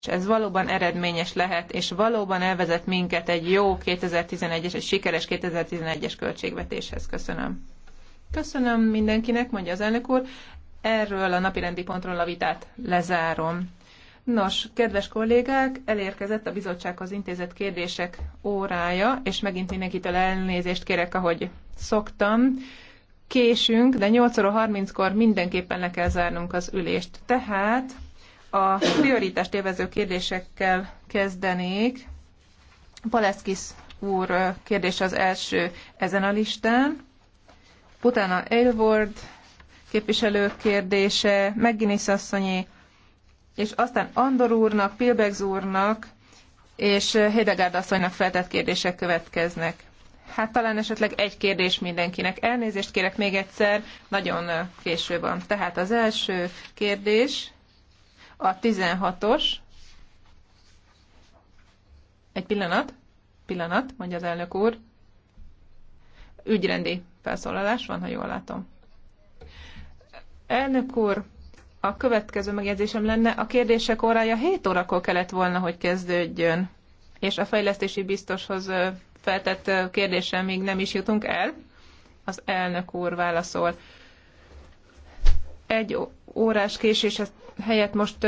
és ez valóban eredményes lehet, és valóban elvezet minket egy jó 2011-es, egy sikeres 2011-es költségvetéshez. Köszönöm. Köszönöm mindenkinek, mondja az elnök úr. Erről a napirendi pontról a vitát lezárom. Nos, kedves kollégák, elérkezett a bizottsághoz intézett kérdések órája, és megint mindenkitől elnézést kérek, ahogy szoktam. Késünk, de 8 óra 30-kor mindenképpen le kell zárnunk az ülést. Tehát a prioritást élvező kérdésekkel kezdenék. Paleszkisz úr kérdés az első ezen a listán. Utána Aylward képviselő kérdése, Megginis asszonyi, és aztán Andor úrnak, Pilbegs úrnak és Hedegárd asszonynak feltett kérdések következnek. Hát talán esetleg egy kérdés mindenkinek. Elnézést kérek még egyszer, nagyon késő van. Tehát az első kérdés a 16-os. Egy pillanat. Pillanat, mondja az elnök úr. Ügyrendi felszólalás van, ha jól látom. Elnök úr, a következő megjegyzésem lenne, a kérdések órája 7 órakor kellett volna, hogy kezdődjön, és a fejlesztési biztoshoz feltett kérdésem még nem is jutunk el. Az elnök úr válaszol. Egy órás késés, ezt helyett most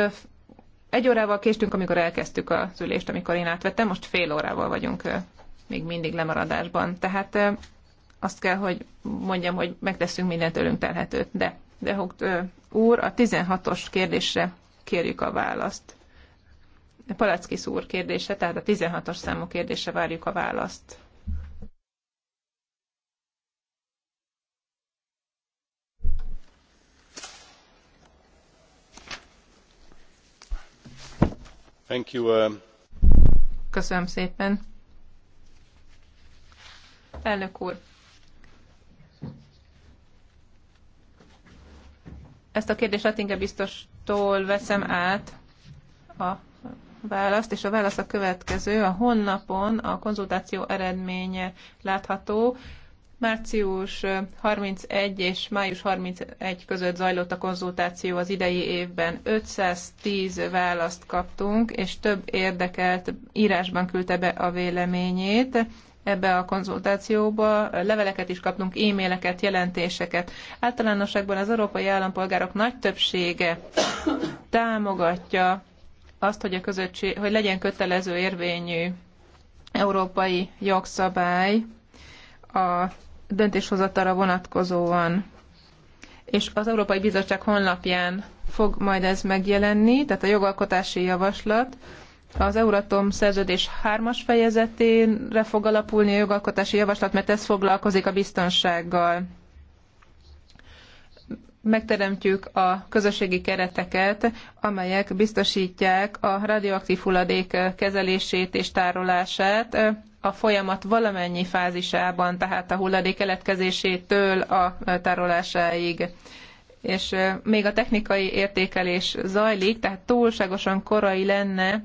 egy órával késtünk, amikor elkezdtük az ülést, amikor én átvettem, most fél órával vagyunk még mindig lemaradásban. Tehát azt kell, hogy mondjam, hogy megteszünk mindent tőlünk telhetőt. De, de úr, a 16-os kérdésre kérjük a választ. Palackis úr kérdése, tehát a 16-os számú kérdése várjuk a választ. Thank you. Uh, Köszönöm szépen. Elnök úr, ezt a kérdést Attinge biztostól veszem át a választ, és a válasz a következő. A honlapon a konzultáció eredménye látható. Március 31 és május 31 között zajlott a konzultáció az idei évben. 510 választ kaptunk, és több érdekelt írásban küldte be a véleményét ebbe a konzultációba. Leveleket is kaptunk, e-maileket, jelentéseket. Általánosságban az európai állampolgárok nagy többsége támogatja azt, hogy, a közösség, hogy legyen kötelező érvényű európai jogszabály a döntéshozatara vonatkozóan. És az Európai Bizottság honlapján fog majd ez megjelenni, tehát a jogalkotási javaslat az Euratom szerződés 3 fejezetére fog alapulni a jogalkotási javaslat, mert ez foglalkozik a biztonsággal megteremtjük a közösségi kereteket, amelyek biztosítják a radioaktív hulladék kezelését és tárolását a folyamat valamennyi fázisában, tehát a hulladék keletkezésétől a tárolásáig. És még a technikai értékelés zajlik, tehát túlságosan korai lenne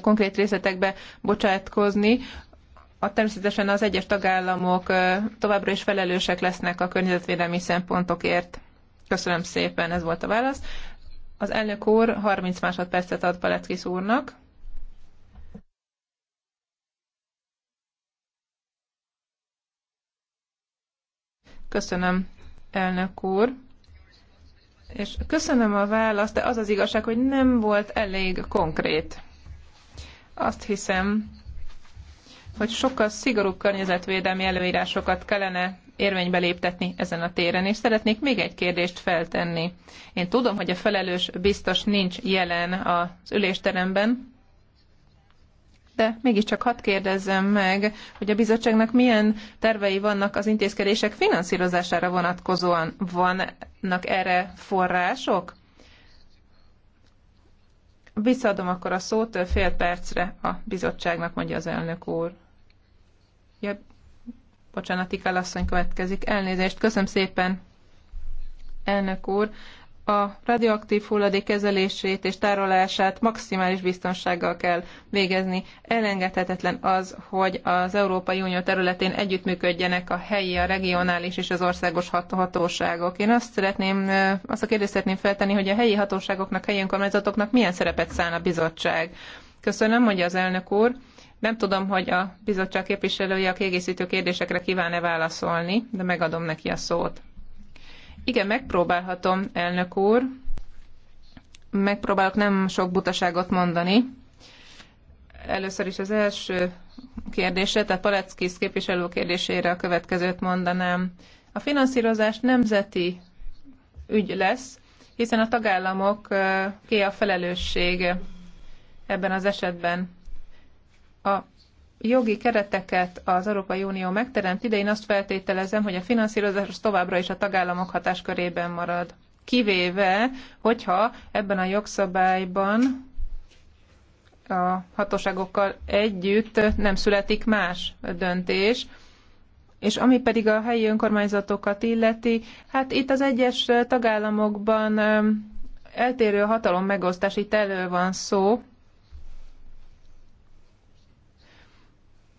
konkrét részletekbe bocsátkozni, a természetesen az egyes tagállamok továbbra is felelősek lesznek a környezetvédelmi szempontokért. Köszönöm szépen, ez volt a válasz. Az elnök úr 30 másodpercet ad Paleckis úrnak. Köszönöm, elnök úr. És köszönöm a választ, de az az igazság, hogy nem volt elég konkrét. Azt hiszem, hogy sokkal szigorúbb környezetvédelmi előírásokat kellene érvénybe léptetni ezen a téren, és szeretnék még egy kérdést feltenni. Én tudom, hogy a felelős biztos nincs jelen az ülésteremben, de mégiscsak hadd kérdezzem meg, hogy a bizottságnak milyen tervei vannak az intézkedések finanszírozására vonatkozóan. Vannak erre források? Visszaadom akkor a szót fél percre a bizottságnak, mondja az elnök úr. Ja, bocsánat, asszony következik. Elnézést, köszönöm szépen, elnök úr a radioaktív hulladék kezelését és tárolását maximális biztonsággal kell végezni. Elengedhetetlen az, hogy az Európai Unió területén együttműködjenek a helyi, a regionális és az országos hat- hatóságok. Én azt szeretném, azt a kérdést szeretném feltenni, hogy a helyi hatóságoknak, helyi önkormányzatoknak milyen szerepet szán a bizottság. Köszönöm, mondja az elnök úr. Nem tudom, hogy a bizottság képviselője a kiegészítő kérdésekre kíván-e válaszolni, de megadom neki a szót. Igen, megpróbálhatom, elnök úr. Megpróbálok nem sok butaságot mondani. Először is az első kérdésre, tehát Paleckis képviselő kérdésére a következőt mondanám. A finanszírozás nemzeti ügy lesz, hiszen a tagállamok ki a felelősség ebben az esetben. A jogi kereteket az Európai Unió megteremt, ide én azt feltételezem, hogy a finanszírozás továbbra is a tagállamok hatáskörében marad. Kivéve, hogyha ebben a jogszabályban a hatóságokkal együtt nem születik más döntés, és ami pedig a helyi önkormányzatokat illeti, hát itt az egyes tagállamokban um, eltérő hatalom megosztás, itt elő van szó,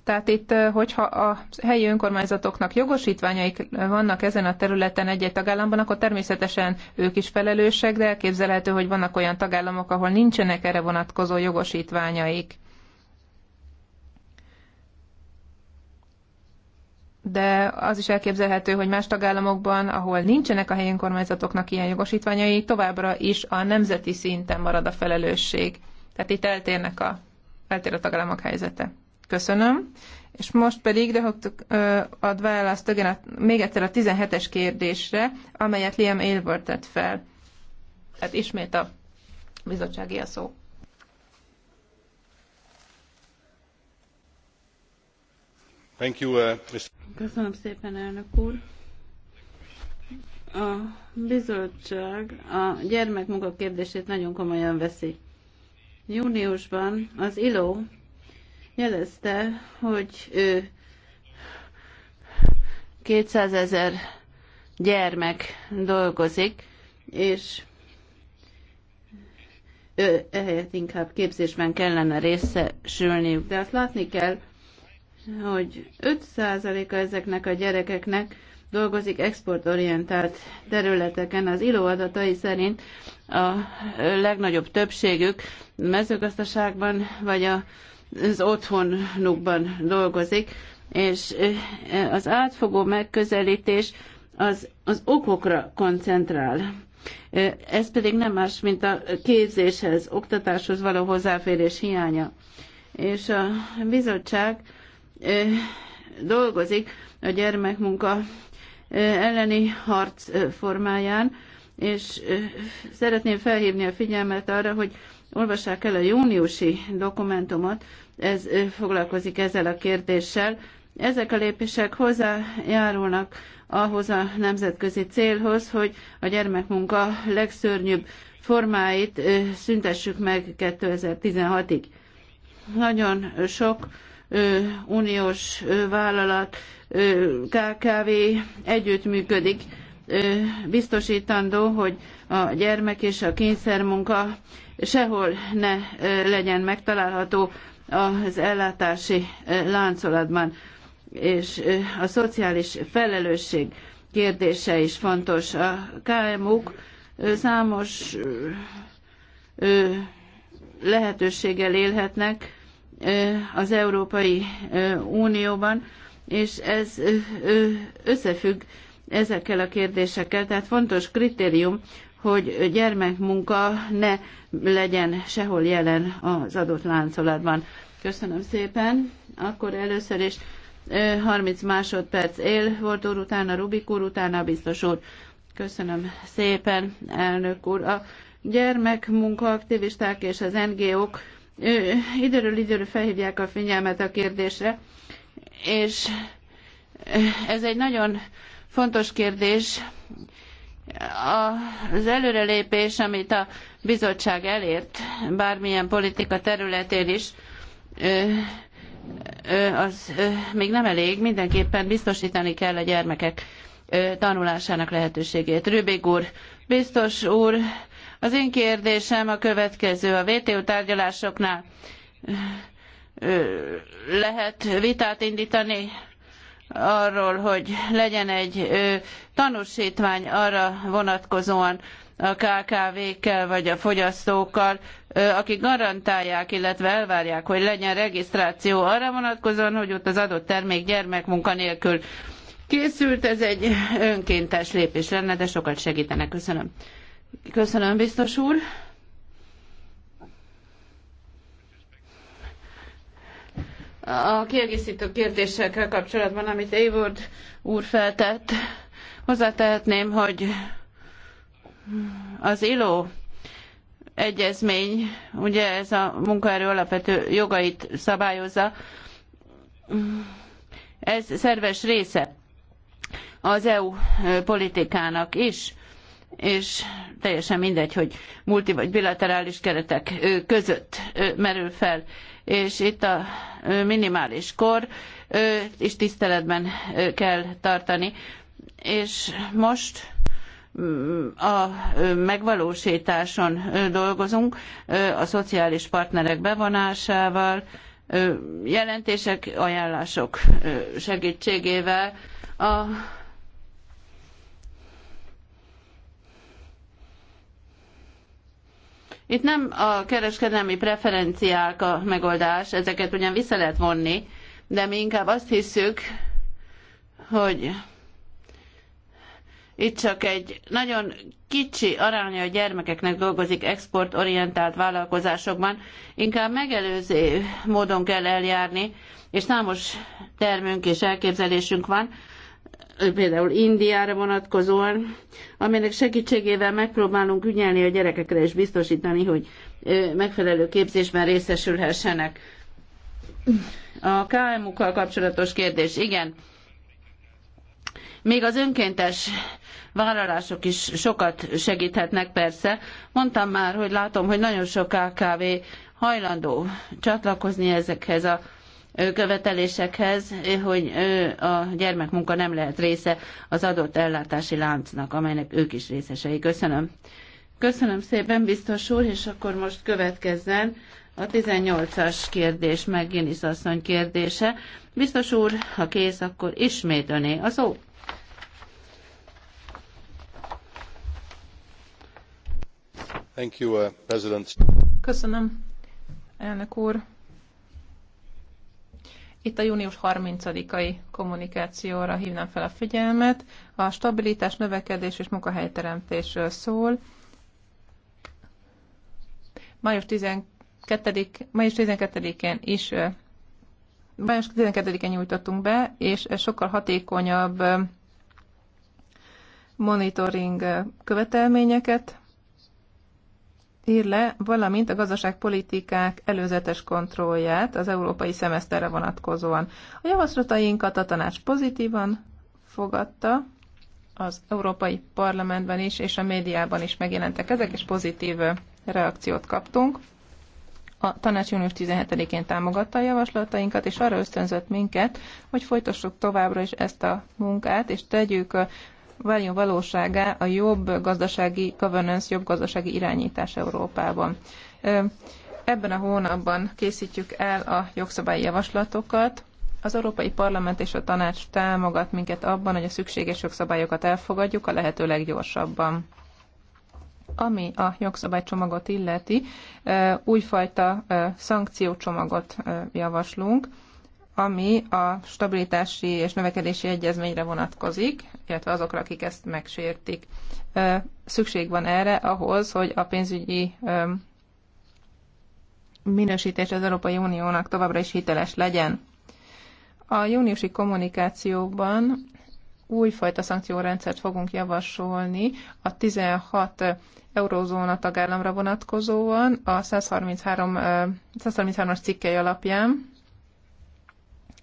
Tehát itt, hogyha a helyi önkormányzatoknak jogosítványaik vannak ezen a területen egy-egy tagállamban, akkor természetesen ők is felelősek, de elképzelhető, hogy vannak olyan tagállamok, ahol nincsenek erre vonatkozó jogosítványaik. de az is elképzelhető, hogy más tagállamokban, ahol nincsenek a helyi önkormányzatoknak ilyen jogosítványai, továbbra is a nemzeti szinten marad a felelősség. Tehát itt eltérnek a, eltér a tagállamok helyzete. Köszönöm. És most pedig röhögtük ad választ igen, a, még egyszer a 17-es kérdésre, amelyet Liam Aylward tett fel. Tehát ismét a bizottsági a szó. Thank you, uh, Köszönöm szépen, elnök úr. A bizottság a gyermekmunka kérdését nagyon komolyan veszi. Júniusban az ILO jelezte, hogy ő 200 ezer gyermek dolgozik, és ő ehelyett inkább képzésben kellene részesülniük. De azt látni kell, hogy 5%-a ezeknek a gyerekeknek dolgozik exportorientált területeken. Az ILO adatai szerint a legnagyobb többségük mezőgazdaságban vagy a az otthonukban dolgozik, és az átfogó megközelítés az, az okokra koncentrál. Ez pedig nem más, mint a képzéshez, oktatáshoz való hozzáférés hiánya. És a bizottság dolgozik a gyermekmunka elleni harc formáján, és szeretném felhívni a figyelmet arra, hogy olvassák el a júniusi dokumentumot, ez foglalkozik ezzel a kérdéssel. Ezek a lépések hozzájárulnak ahhoz a nemzetközi célhoz, hogy a gyermekmunka legszörnyűbb formáit szüntessük meg 2016-ig. Nagyon sok uniós vállalat, KKV együttműködik, biztosítandó, hogy a gyermek és a kényszermunka sehol ne legyen megtalálható az ellátási láncolatban. És a szociális felelősség kérdése is fontos. A KMU-k számos lehetőséggel élhetnek az Európai Unióban, és ez összefügg ezekkel a kérdésekkel, tehát fontos kritérium hogy gyermekmunka ne legyen sehol jelen az adott láncolatban. Köszönöm szépen. Akkor először is 30 másodperc él volt úr, utána Rubik úr, utána biztos úr. Köszönöm szépen, elnök úr. A gyermekmunkaaktivisták és az NGO-k időről időről felhívják a figyelmet a kérdésre, és ez egy nagyon fontos kérdés, az előrelépés, amit a bizottság elért, bármilyen politika területén is, az még nem elég, mindenképpen biztosítani kell a gyermekek tanulásának lehetőségét. Rübig úr, biztos úr, az én kérdésem a következő. A WTO tárgyalásoknál lehet vitát indítani arról, hogy legyen egy tanúsítvány arra vonatkozóan a KKV-kkel vagy a fogyasztókkal, akik garantálják, illetve elvárják, hogy legyen regisztráció arra vonatkozóan, hogy ott az adott termék gyermekmunka nélkül készült. Ez egy önkéntes lépés lenne, de sokat segítene. Köszönöm. Köszönöm, biztos úr. a kiegészítő kérdésekkel kapcsolatban, amit Évord úr feltett. Hozzátehetném, hogy az ILO egyezmény, ugye ez a munkaerő alapvető jogait szabályozza, ez szerves része az EU politikának is, és teljesen mindegy, hogy multi vagy bilaterális keretek között merül fel és itt a minimális kor is tiszteletben kell tartani. És most mm, a megvalósításon dolgozunk, a szociális partnerek bevonásával, jelentések, ajánlások segítségével. A Itt nem a kereskedelmi preferenciák a megoldás, ezeket ugyan vissza lehet vonni, de mi inkább azt hiszük, hogy itt csak egy nagyon kicsi aránya a gyermekeknek dolgozik exportorientált vállalkozásokban, inkább megelőző módon kell eljárni, és számos termünk és elképzelésünk van, például Indiára vonatkozóan, amelynek segítségével megpróbálunk ügyelni a gyerekekre és biztosítani, hogy megfelelő képzésben részesülhessenek. A KMU-kkal kapcsolatos kérdés, igen. Még az önkéntes vállalások is sokat segíthetnek persze. Mondtam már, hogy látom, hogy nagyon sok KKV hajlandó csatlakozni ezekhez a követelésekhez, hogy a gyermekmunka nem lehet része az adott ellátási láncnak, amelynek ők is részesei. Köszönöm. Köszönöm szépen, biztos úr, és akkor most következzen a 18-as kérdés, meg Génisz asszony kérdése. Biztos úr, ha kész, akkor ismét öné a szó. Thank you, uh, President. Köszönöm, elnök úr. Itt a június 30-ai kommunikációra hívnám fel a figyelmet. A stabilitás, növekedés és munkahelyteremtésről szól. Május 12 május 12 is május 12-én nyújtottunk be, és sokkal hatékonyabb monitoring követelményeket ír le, valamint a gazdaságpolitikák előzetes kontrollját az európai szemeszterre vonatkozóan. A javaslatainkat a tanács pozitívan fogadta, az Európai Parlamentben is és a médiában is megjelentek ezek, és pozitív reakciót kaptunk. A tanács június 17-én támogatta a javaslatainkat, és arra ösztönzött minket, hogy folytassuk továbbra is ezt a munkát, és tegyük váljon valóságá a jobb gazdasági governance, jobb gazdasági irányítás Európában. Ebben a hónapban készítjük el a jogszabályi javaslatokat. Az Európai Parlament és a Tanács támogat minket abban, hogy a szükséges jogszabályokat elfogadjuk a lehető leggyorsabban ami a jogszabálycsomagot illeti, újfajta szankciócsomagot javaslunk, ami a stabilitási és növekedési egyezményre vonatkozik, illetve azokra, akik ezt megsértik. Szükség van erre ahhoz, hogy a pénzügyi minősítés az Európai Uniónak továbbra is hiteles legyen. A júniusi kommunikációban újfajta szankciórendszert fogunk javasolni a 16 eurózóna tagállamra vonatkozóan a 133, 133-as cikkei alapján,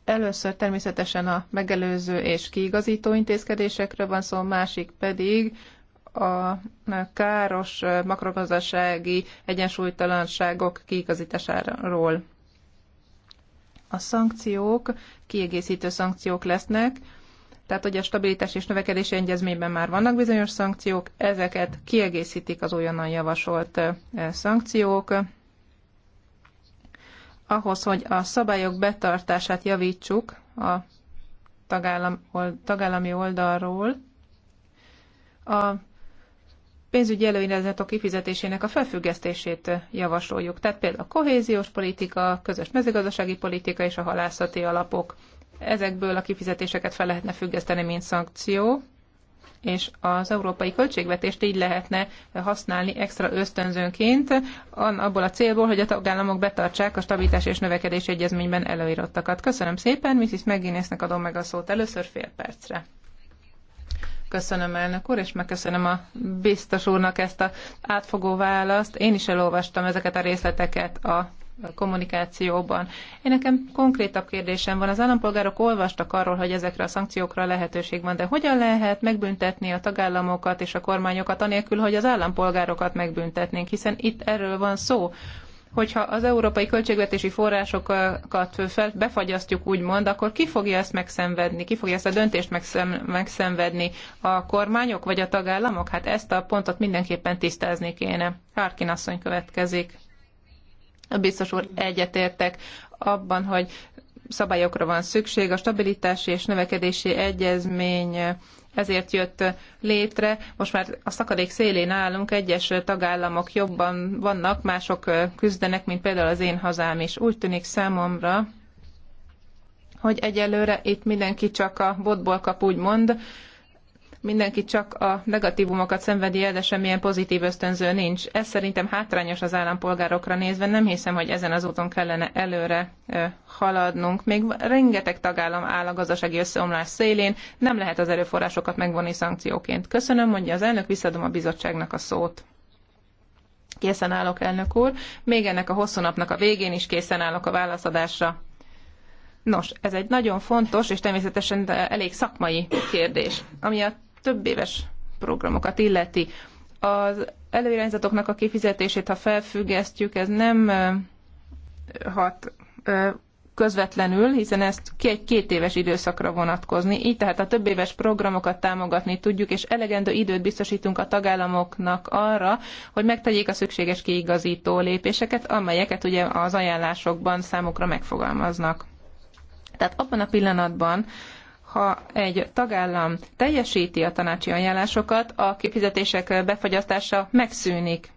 Először természetesen a megelőző és kiigazító intézkedésekről van szó, másik pedig a káros makrogazdasági egyensúlytalanságok kiigazításáról. A szankciók kiegészítő szankciók lesznek, tehát hogy a stabilitás és növekedési egyezményben már vannak bizonyos szankciók, ezeket kiegészítik az újonnan javasolt eh, szankciók, ahhoz, hogy a szabályok betartását javítsuk a tagállam, tagállami oldalról, a pénzügyi előirányzatok kifizetésének a felfüggesztését javasoljuk. Tehát például a kohéziós politika, közös mezőgazdasági politika és a halászati alapok. Ezekből a kifizetéseket fel lehetne függeszteni, mint szankció, és az európai költségvetést így lehetne használni extra ösztönzőnként, abból a célból, hogy a tagállamok betartsák a stabilitás és növekedés egyezményben előírottakat. Köszönöm szépen, Mrs. McGuinnessnek adom meg a szót először fél percre. Köszönöm elnök úr, és megköszönöm a biztos úrnak ezt a átfogó választ. Én is elolvastam ezeket a részleteket a kommunikációban. Én nekem konkrétabb kérdésem van. Az állampolgárok olvastak arról, hogy ezekre a szankciókra lehetőség van, de hogyan lehet megbüntetni a tagállamokat és a kormányokat anélkül, hogy az állampolgárokat megbüntetnénk, hiszen itt erről van szó hogyha az európai költségvetési forrásokat fel, befagyasztjuk, úgymond, akkor ki fogja ezt megszenvedni, ki fogja ezt a döntést megszem, megszenvedni a kormányok vagy a tagállamok? Hát ezt a pontot mindenképpen tisztázni kéne. Harkin asszony következik. Biztos úr, egyetértek abban, hogy szabályokra van szükség. A stabilitási és növekedési egyezmény eh, ezért jött létre. Most már a szakadék szélén állunk, egyes tagállamok jobban vannak, mások eh, küzdenek, mint például az én hazám is. Úgy tűnik számomra, hogy egyelőre itt mindenki csak a botból kap, úgymond, mindenki csak a negatívumokat szenvedi el, de semmilyen pozitív ösztönző nincs. Ez szerintem hátrányos az állampolgárokra nézve, nem hiszem, hogy ezen az úton kellene előre haladnunk. Még rengeteg tagállam áll a gazdasági összeomlás szélén, nem lehet az erőforrásokat megvonni szankcióként. Köszönöm, mondja az elnök, visszadom a bizottságnak a szót. Készen állok, elnök úr. Még ennek a hosszú napnak a végén is készen állok a válaszadásra. Nos, ez egy nagyon fontos és természetesen elég szakmai kérdés, ami a több éves programokat illeti. Az előirányzatoknak a kifizetését, ha felfüggesztjük, ez nem hat közvetlenül, hiszen ezt egy két éves időszakra vonatkozni. Így tehát a több éves programokat támogatni tudjuk, és elegendő időt biztosítunk a tagállamoknak arra, hogy megtegyék a szükséges kiigazító lépéseket, amelyeket ugye az ajánlásokban számukra megfogalmaznak. Tehát abban a pillanatban, ha egy tagállam teljesíti a tanácsi ajánlásokat, a kifizetések befagyasztása megszűnik.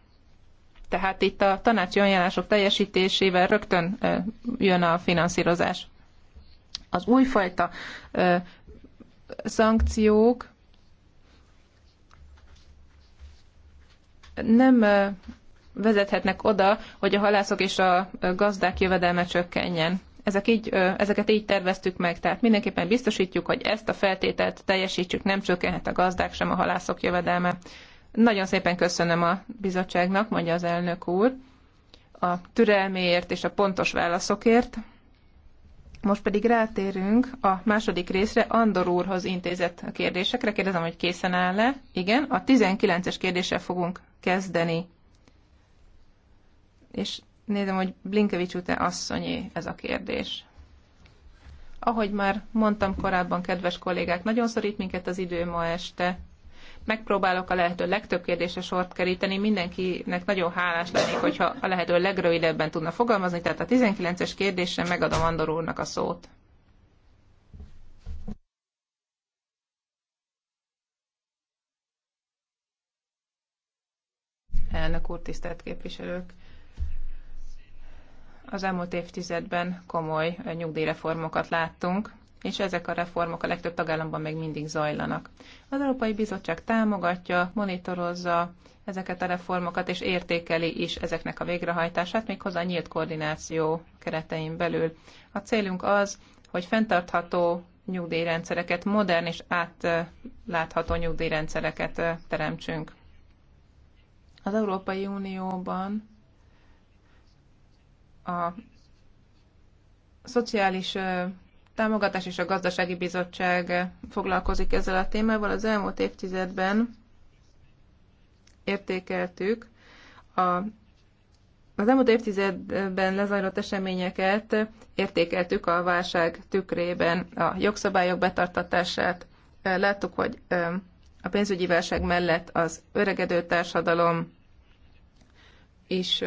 Tehát itt a tanácsi ajánlások teljesítésével rögtön jön a finanszírozás. Az újfajta szankciók nem vezethetnek oda, hogy a halászok és a gazdák jövedelme csökkenjen. Ezek így, ezeket így terveztük meg, tehát mindenképpen biztosítjuk, hogy ezt a feltételt teljesítsük, nem csökkenhet a gazdák sem a halászok jövedelme. Nagyon szépen köszönöm a bizottságnak, mondja az elnök úr, a türelméért és a pontos válaszokért. Most pedig rátérünk a második részre, Andor úrhoz intézett a kérdésekre. Kérdezem, hogy készen áll-e? Igen, a 19-es kérdéssel fogunk kezdeni. És Nézem, hogy Blinkevics úte asszonyé ez a kérdés. Ahogy már mondtam korábban, kedves kollégák, nagyon szorít minket az idő ma este. Megpróbálok a lehető legtöbb kérdésre sort keríteni. Mindenkinek nagyon hálás lennék, hogyha a lehető legrövidebben tudna fogalmazni. Tehát a 19-es kérdésre megadom Andor úrnak a szót. Elnök úr, tisztelt képviselők! az elmúlt évtizedben komoly nyugdíjreformokat láttunk, és ezek a reformok a legtöbb tagállamban még mindig zajlanak. Az Európai Bizottság támogatja, monitorozza ezeket a reformokat, és értékeli is ezeknek a végrehajtását, méghozzá nyílt koordináció keretein belül. A célunk az, hogy fenntartható nyugdíjrendszereket, modern és átlátható nyugdíjrendszereket teremtsünk. Az Európai Unióban a Szociális Támogatás és a Gazdasági Bizottság foglalkozik ezzel a témával. Az elmúlt évtizedben értékeltük a az elmúlt évtizedben lezajlott eseményeket értékeltük a válság tükrében, a jogszabályok betartatását. Láttuk, hogy a pénzügyi válság mellett az öregedő társadalom is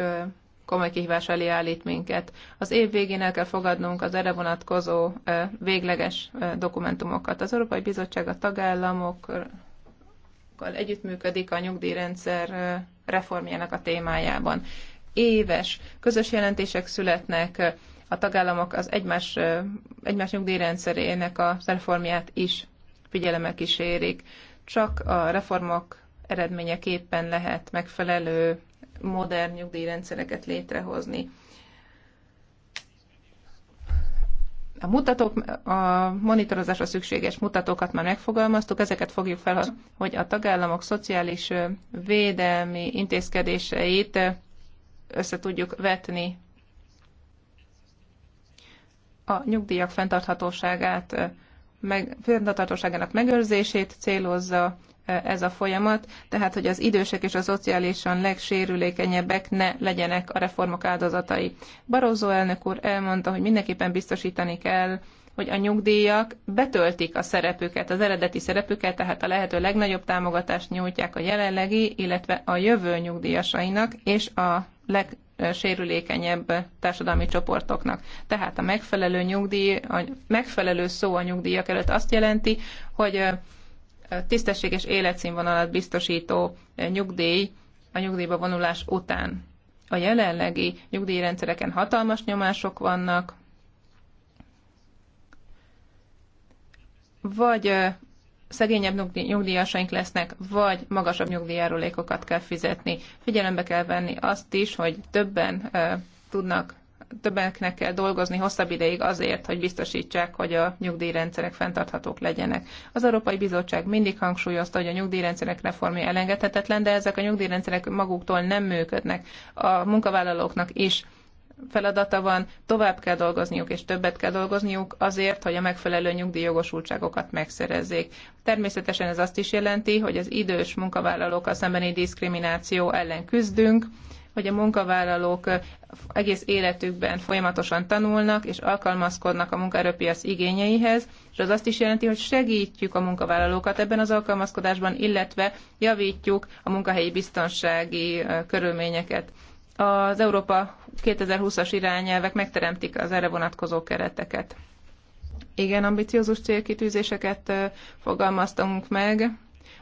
komoly kihívás elé állít minket. Az év végén el kell fogadnunk az erre vonatkozó végleges dokumentumokat. Az Európai Bizottság a tagállamokkal együttműködik a nyugdíjrendszer reformjának a témájában. Éves közös jelentések születnek, a tagállamok az egymás, egymás nyugdíjrendszerének a reformját is figyelemmel kísérik. Csak a reformok eredményeképpen lehet megfelelő modern nyugdíjrendszereket létrehozni. A mutatók, a monitorozásra szükséges mutatókat már megfogalmaztuk, ezeket fogjuk fel, hogy a tagállamok szociális védelmi intézkedéseit össze tudjuk vetni a nyugdíjak fenntarthatóságát, meg, fenntarthatóságának megőrzését célozza, ez a folyamat, tehát hogy az idősek és a szociálisan legsérülékenyebbek ne legyenek a reformok áldozatai. Barózó elnök úr elmondta, hogy mindenképpen biztosítani kell, hogy a nyugdíjak betöltik a szerepüket, az eredeti szerepüket, tehát a lehető legnagyobb támogatást nyújtják a jelenlegi, illetve a jövő nyugdíjasainak és a leg, sérülékenyebb társadalmi csoportoknak. Tehát a megfelelő nyugdíj, a megfelelő szó a nyugdíjak előtt azt jelenti, hogy tisztességes életszínvonalat biztosító nyugdíj a nyugdíjba vonulás után. A jelenlegi nyugdíjrendszereken hatalmas nyomások vannak, vagy szegényebb nyugdíjasaink lesznek, vagy magasabb nyugdíjárulékokat kell fizetni. Figyelembe kell venni azt is, hogy többen tudnak többeknek kell dolgozni hosszabb ideig azért, hogy biztosítsák, hogy a nyugdíjrendszerek fenntarthatók legyenek. Az Európai Bizottság mindig hangsúlyozta, hogy a nyugdíjrendszerek reformja elengedhetetlen, de ezek a nyugdíjrendszerek maguktól nem működnek. A munkavállalóknak is feladata van, tovább kell dolgozniuk és többet kell dolgozniuk azért, hogy a megfelelő nyugdíjjogosultságokat megszerezzék. Természetesen ez azt is jelenti, hogy az idős munkavállalókkal szembeni diszkrimináció ellen küzdünk, hogy a munkavállalók egész életükben folyamatosan tanulnak és alkalmazkodnak a munkaerőpiac igényeihez, és az azt is jelenti, hogy segítjük a munkavállalókat ebben az alkalmazkodásban, illetve javítjuk a munkahelyi biztonsági körülményeket. Az Európa 2020-as irányelvek megteremtik az erre vonatkozó kereteket. Igen, ambiciózus célkitűzéseket fogalmaztunk meg.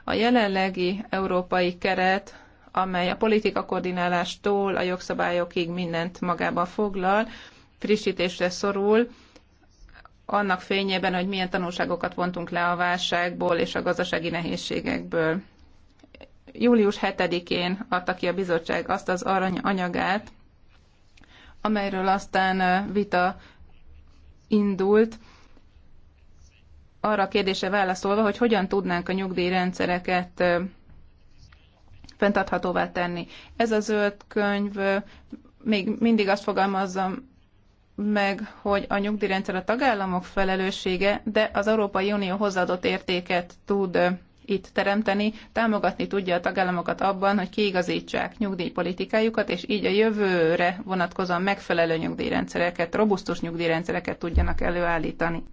A jelenlegi európai keret amely a politika koordinálástól a jogszabályokig mindent magába foglal, frissítésre szorul, annak fényében, hogy milyen tanulságokat vontunk le a válságból és a gazdasági nehézségekből. Július 7-én adta ki a bizottság azt az arany anyagát, amelyről aztán vita indult, arra a kérdése válaszolva, hogy hogyan tudnánk a nyugdíjrendszereket fenntarthatóvá tenni. Ez a zöld könyv még mindig azt fogalmazza meg, hogy a nyugdíjrendszer a tagállamok felelőssége, de az Európai Unió hozzáadott értéket tud itt teremteni, támogatni tudja a tagállamokat abban, hogy kiigazítsák nyugdíjpolitikájukat, és így a jövőre vonatkozóan megfelelő nyugdíjrendszereket, robusztus nyugdíjrendszereket tudjanak előállítani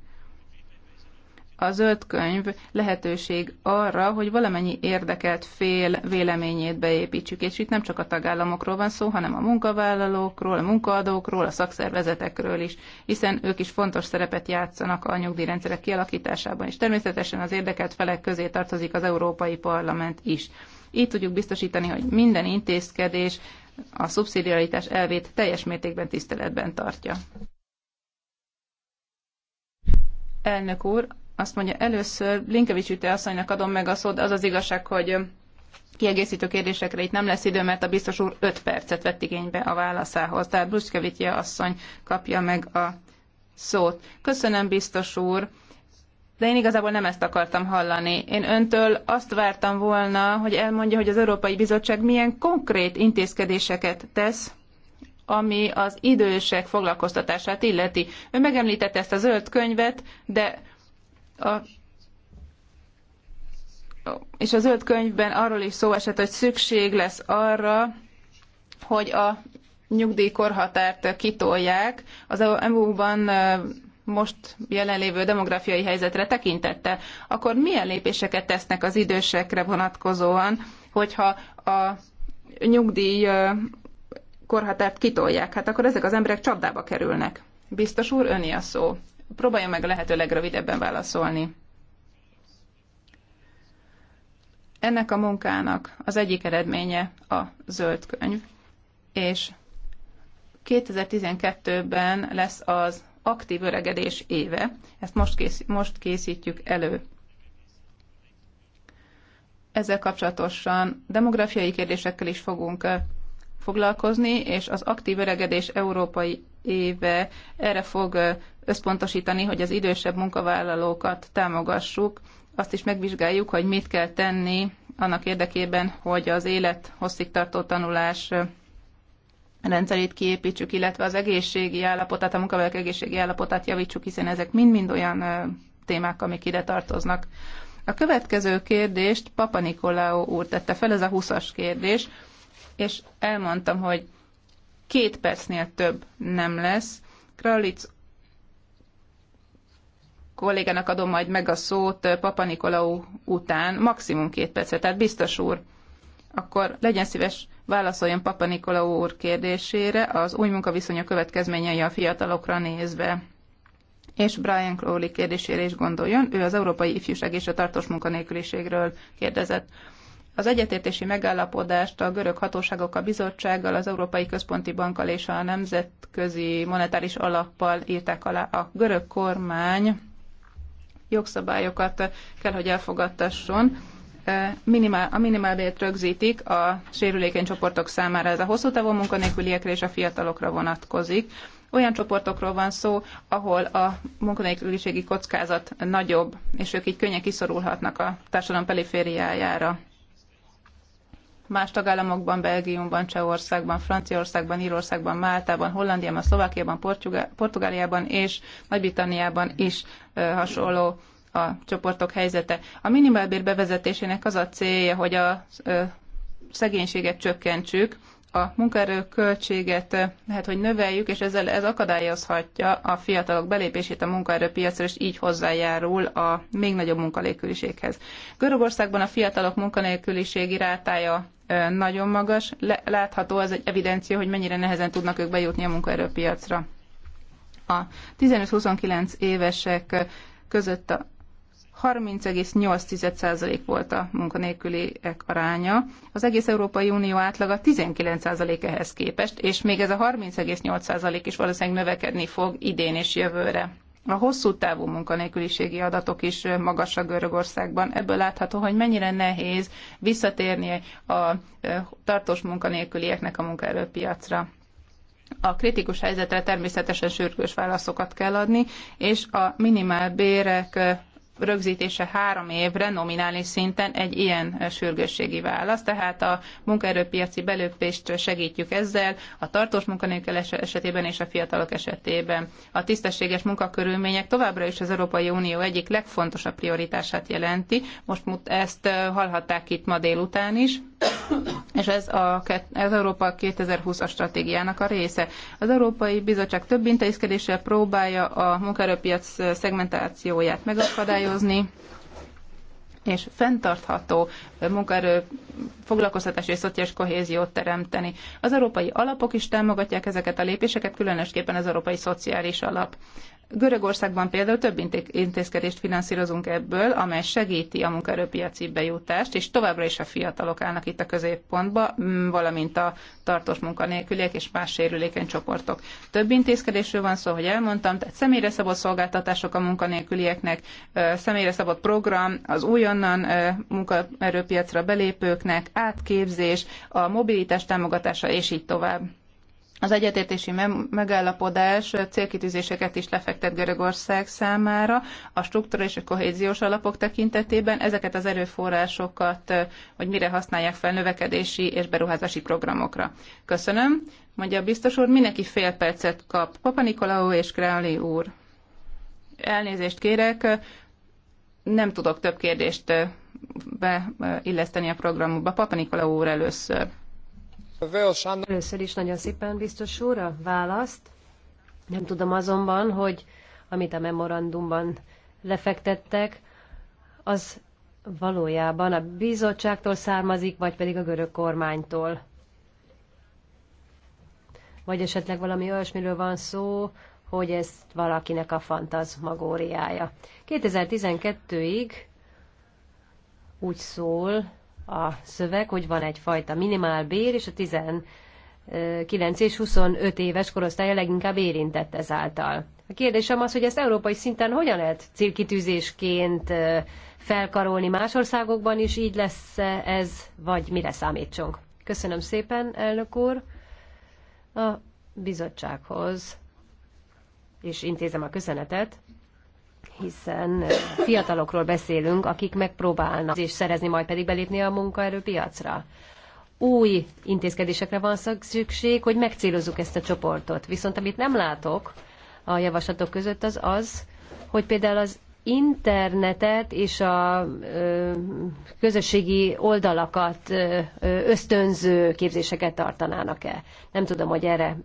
a zöld könyv lehetőség arra, hogy valamennyi érdekelt fél véleményét beépítsük, és itt nem csak a tagállamokról van szó, hanem a munkavállalókról, a munkaadókról, a szakszervezetekről is, hiszen ők is fontos szerepet játszanak a nyugdíjrendszerek kialakításában, és természetesen az érdekelt felek közé tartozik az Európai Parlament is. Így tudjuk biztosítani, hogy minden intézkedés a szubszidiaritás elvét teljes mértékben tiszteletben tartja. Elnök úr, azt mondja, először Blinkevics Üte asszonynak adom meg a szót, de az az igazság, hogy kiegészítő kérdésekre itt nem lesz idő, mert a biztos úr 5 percet vett igénybe a válaszához. Tehát Bruskevitje asszony kapja meg a szót. Köszönöm, biztos úr. De én igazából nem ezt akartam hallani. Én öntől azt vártam volna, hogy elmondja, hogy az Európai Bizottság milyen konkrét intézkedéseket tesz, ami az idősek foglalkoztatását illeti. Ő megemlítette ezt a zöld könyvet, de a és a zöld könyvben arról is szó esett, hogy szükség lesz arra, hogy a nyugdíjkorhatárt kitolják. Az EU-ban most jelenlévő demográfiai helyzetre tekintette. akkor milyen lépéseket tesznek az idősekre vonatkozóan, hogyha a nyugdíj korhatárt kitolják? Hát akkor ezek az emberek csapdába kerülnek. Biztos úr, öni a szó. Próbáljon meg a lehető legrövidebben válaszolni. Ennek a munkának az egyik eredménye a zöld könyv, és 2012-ben lesz az aktív öregedés éve, ezt most, kész, most készítjük elő. Ezzel kapcsolatosan demográfiai kérdésekkel is fogunk eh, foglalkozni, és az aktív öregedés európai éve erre fog összpontosítani, hogy az idősebb munkavállalókat támogassuk. Azt is megvizsgáljuk, hogy mit kell tenni annak érdekében, hogy az élet hosszig tartó tanulás rendszerét kiépítsük, illetve az egészségi állapotát, a munkavállalók egészségi állapotát javítsuk, hiszen ezek mind-mind olyan témák, amik ide tartoznak. A következő kérdést Papa Nikolaou úr tette fel, ez a 20-as kérdés, és elmondtam, hogy két percnél több nem lesz. Kralic kollégának adom majd meg a szót eh, Papa Nikolau után, maximum két percet, tehát biztos úr, akkor legyen szíves, válaszoljon Papa Nikolau úr kérdésére az új munkaviszonya következményei a fiatalokra nézve. És Brian Crowley kérdésére is gondoljon, ő az Európai Ifjúság és a Tartós Munkanélküliségről kérdezett. Az egyetértési megállapodást a görög hatóságok a bizottsággal, az Európai Központi Bankkal és a Nemzetközi Monetáris Alappal írták alá. A görög kormány jogszabályokat kell, hogy elfogadtasson. E, minimál, a minimálbért rögzítik a sérülékeny csoportok számára. Ez a hosszú távú munkanélküliekre és a fiatalokra vonatkozik. Olyan csoportokról van szó, ahol a munkanélküliségi kockázat nagyobb, és ők így könnyen kiszorulhatnak a társadalom perifériájára. Más tagállamokban, Belgiumban, Csehországban, Franciaországban, Írországban, Máltában, Hollandiában, Szlovákiában, Portugá- Portugáliában és Nagy-Britanniában is hasonló a csoportok helyzete. A minimálbér bevezetésének az a célja, hogy a szegénységet csökkentsük, a munkaerő költséget lehet, hogy növeljük, és ezzel ez akadályozhatja a fiatalok belépését a munkaerőpiacra, és így hozzájárul a még nagyobb munkanélküliséghez. Görögországban a fiatalok munkanélküliségi rátája nagyon magas, látható az egy evidencia, hogy mennyire nehezen tudnak ők bejutni a munkaerőpiacra. A 15-29 évesek között a 30,8% volt a munkanélküliek aránya. Az egész Európai Unió átlaga 19% ehhez képest, és még ez a 30,8% is valószínűleg növekedni fog idén és jövőre. A hosszú távú munkanélküliségi adatok is magasak Görögországban. Ebből látható, hogy mennyire nehéz visszatérni a e, tartós munkanélkülieknek a munkaerőpiacra. A kritikus helyzetre természetesen sürgős válaszokat kell adni, és a minimál bérek rögzítése három évre nominális szinten egy ilyen e, sürgősségi válasz, tehát a munkaerőpiaci belépést segítjük ezzel a tartós munkanélkül esetében és a fiatalok esetében. A tisztességes munkakörülmények továbbra is az Európai Unió egyik legfontosabb prioritását jelenti, most ezt e, hallhatták itt ma délután is, és ez a, az Európa 2020-as stratégiának a része. Az Európai Bizottság több intézkedéssel próbálja a munkaerőpiac szegmentációját megakadályozni, és fenntartható munkaerő foglalkoztatási és szociális kohéziót teremteni. Az európai alapok is támogatják ezeket a lépéseket, különösképpen az európai szociális alap. Görögországban például több intézkedést finanszírozunk ebből, amely segíti a munkaerőpiaci bejutást, és továbbra is a fiatalok állnak itt a középpontba, mm, valamint a tartós munkanélküliek és más sérülékeny csoportok. Több intézkedésről van szó, hogy elmondtam, tehát személyre szabott szolgáltatások a munkanélkülieknek, személyre szabott program az újonnan munkaerőpiacra belépőknek, átképzés, a mobilitás támogatása, és így tovább az egyetértési megállapodás célkitűzéseket is lefektet Görögország számára a struktúra és a kohéziós alapok tekintetében, ezeket az erőforrásokat, hogy mire használják fel növekedési és beruházási programokra. Köszönöm. Mondja a biztos úr, mindenki fél percet kap. Papa Nikolaou és Králi úr. Elnézést kérek, nem tudok több kérdést beilleszteni a programokba. Papa Nikolaou úr először. Először is nagyon szépen biztos úr a választ. Nem tudom azonban, hogy amit a memorandumban lefektettek, az valójában a bizottságtól származik, vagy pedig a görög kormánytól. Vagy esetleg valami olyasmiről van szó, hogy ez valakinek a fantazmagóriája. 2012-ig úgy szól a szöveg, hogy van egyfajta bér, és a 19 és 25 éves korosztálya leginkább érintett ezáltal. A kérdésem az, hogy ezt európai szinten hogyan lehet célkitűzésként felkarolni más országokban is, így lesz ez, vagy mire számítsunk? Köszönöm szépen, elnök úr. A bizottsághoz és intézem a köszönetet hiszen eh, fiatalokról beszélünk, akik megpróbálnak és szerezni, majd pedig belépni a munkaerőpiacra. Új intézkedésekre van szükség, hogy megcélozzuk ezt a csoportot. Viszont amit nem látok a javaslatok között az az, hogy például az internetet és a közösségi oldalakat ösztönző képzéseket tartanának-e. Nem tudom, hogy erre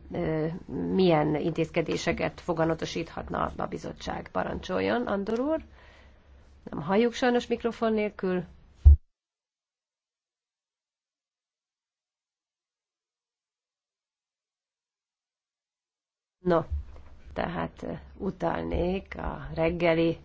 milyen intézkedéseket foganatosíthatna a bizottság. Parancsoljon, Andor úr. Nem halljuk sajnos mikrofon nélkül. No tehát utalnék a reggeli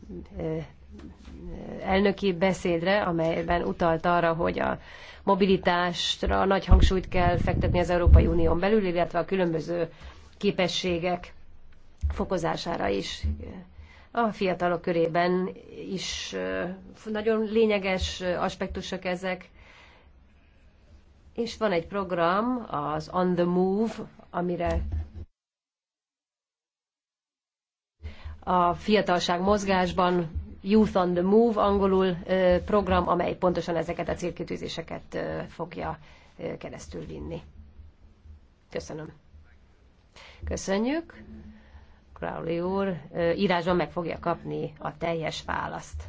elnöki beszédre, amelyben utalt arra, hogy a mobilitásra nagy hangsúlyt kell fektetni az Európai Unión belül, illetve a különböző képességek fokozására is. A fiatalok körében is nagyon lényeges aspektusok ezek, és van egy program, az On the Move, amire a Fiatalság Mozgásban Youth on the Move angolul program, amely pontosan ezeket a célkitűzéseket fogja keresztül vinni. Köszönöm. Köszönjük. Crowley úr írásban meg fogja kapni a teljes választ.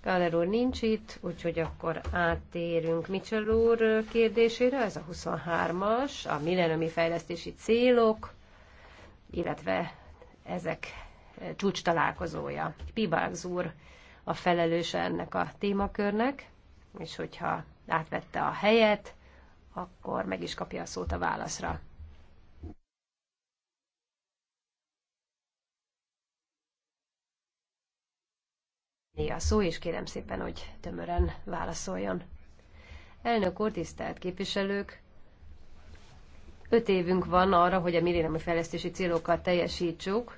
Káler úr nincs itt, úgyhogy akkor áttérünk Mitchell úr kérdésére, ez a 23-as, a millenőmi fejlesztési célok, illetve ezek eh, csúcs találkozója. Pibalgs úr a felelőse ennek a témakörnek, és hogyha átvette a helyet, akkor meg is kapja a szót a válaszra. a szó, és kérem szépen, hogy tömören válaszoljon. Elnök úr, tisztelt képviselők! Öt évünk van arra, hogy a milléniumi fejlesztési célokat teljesítsük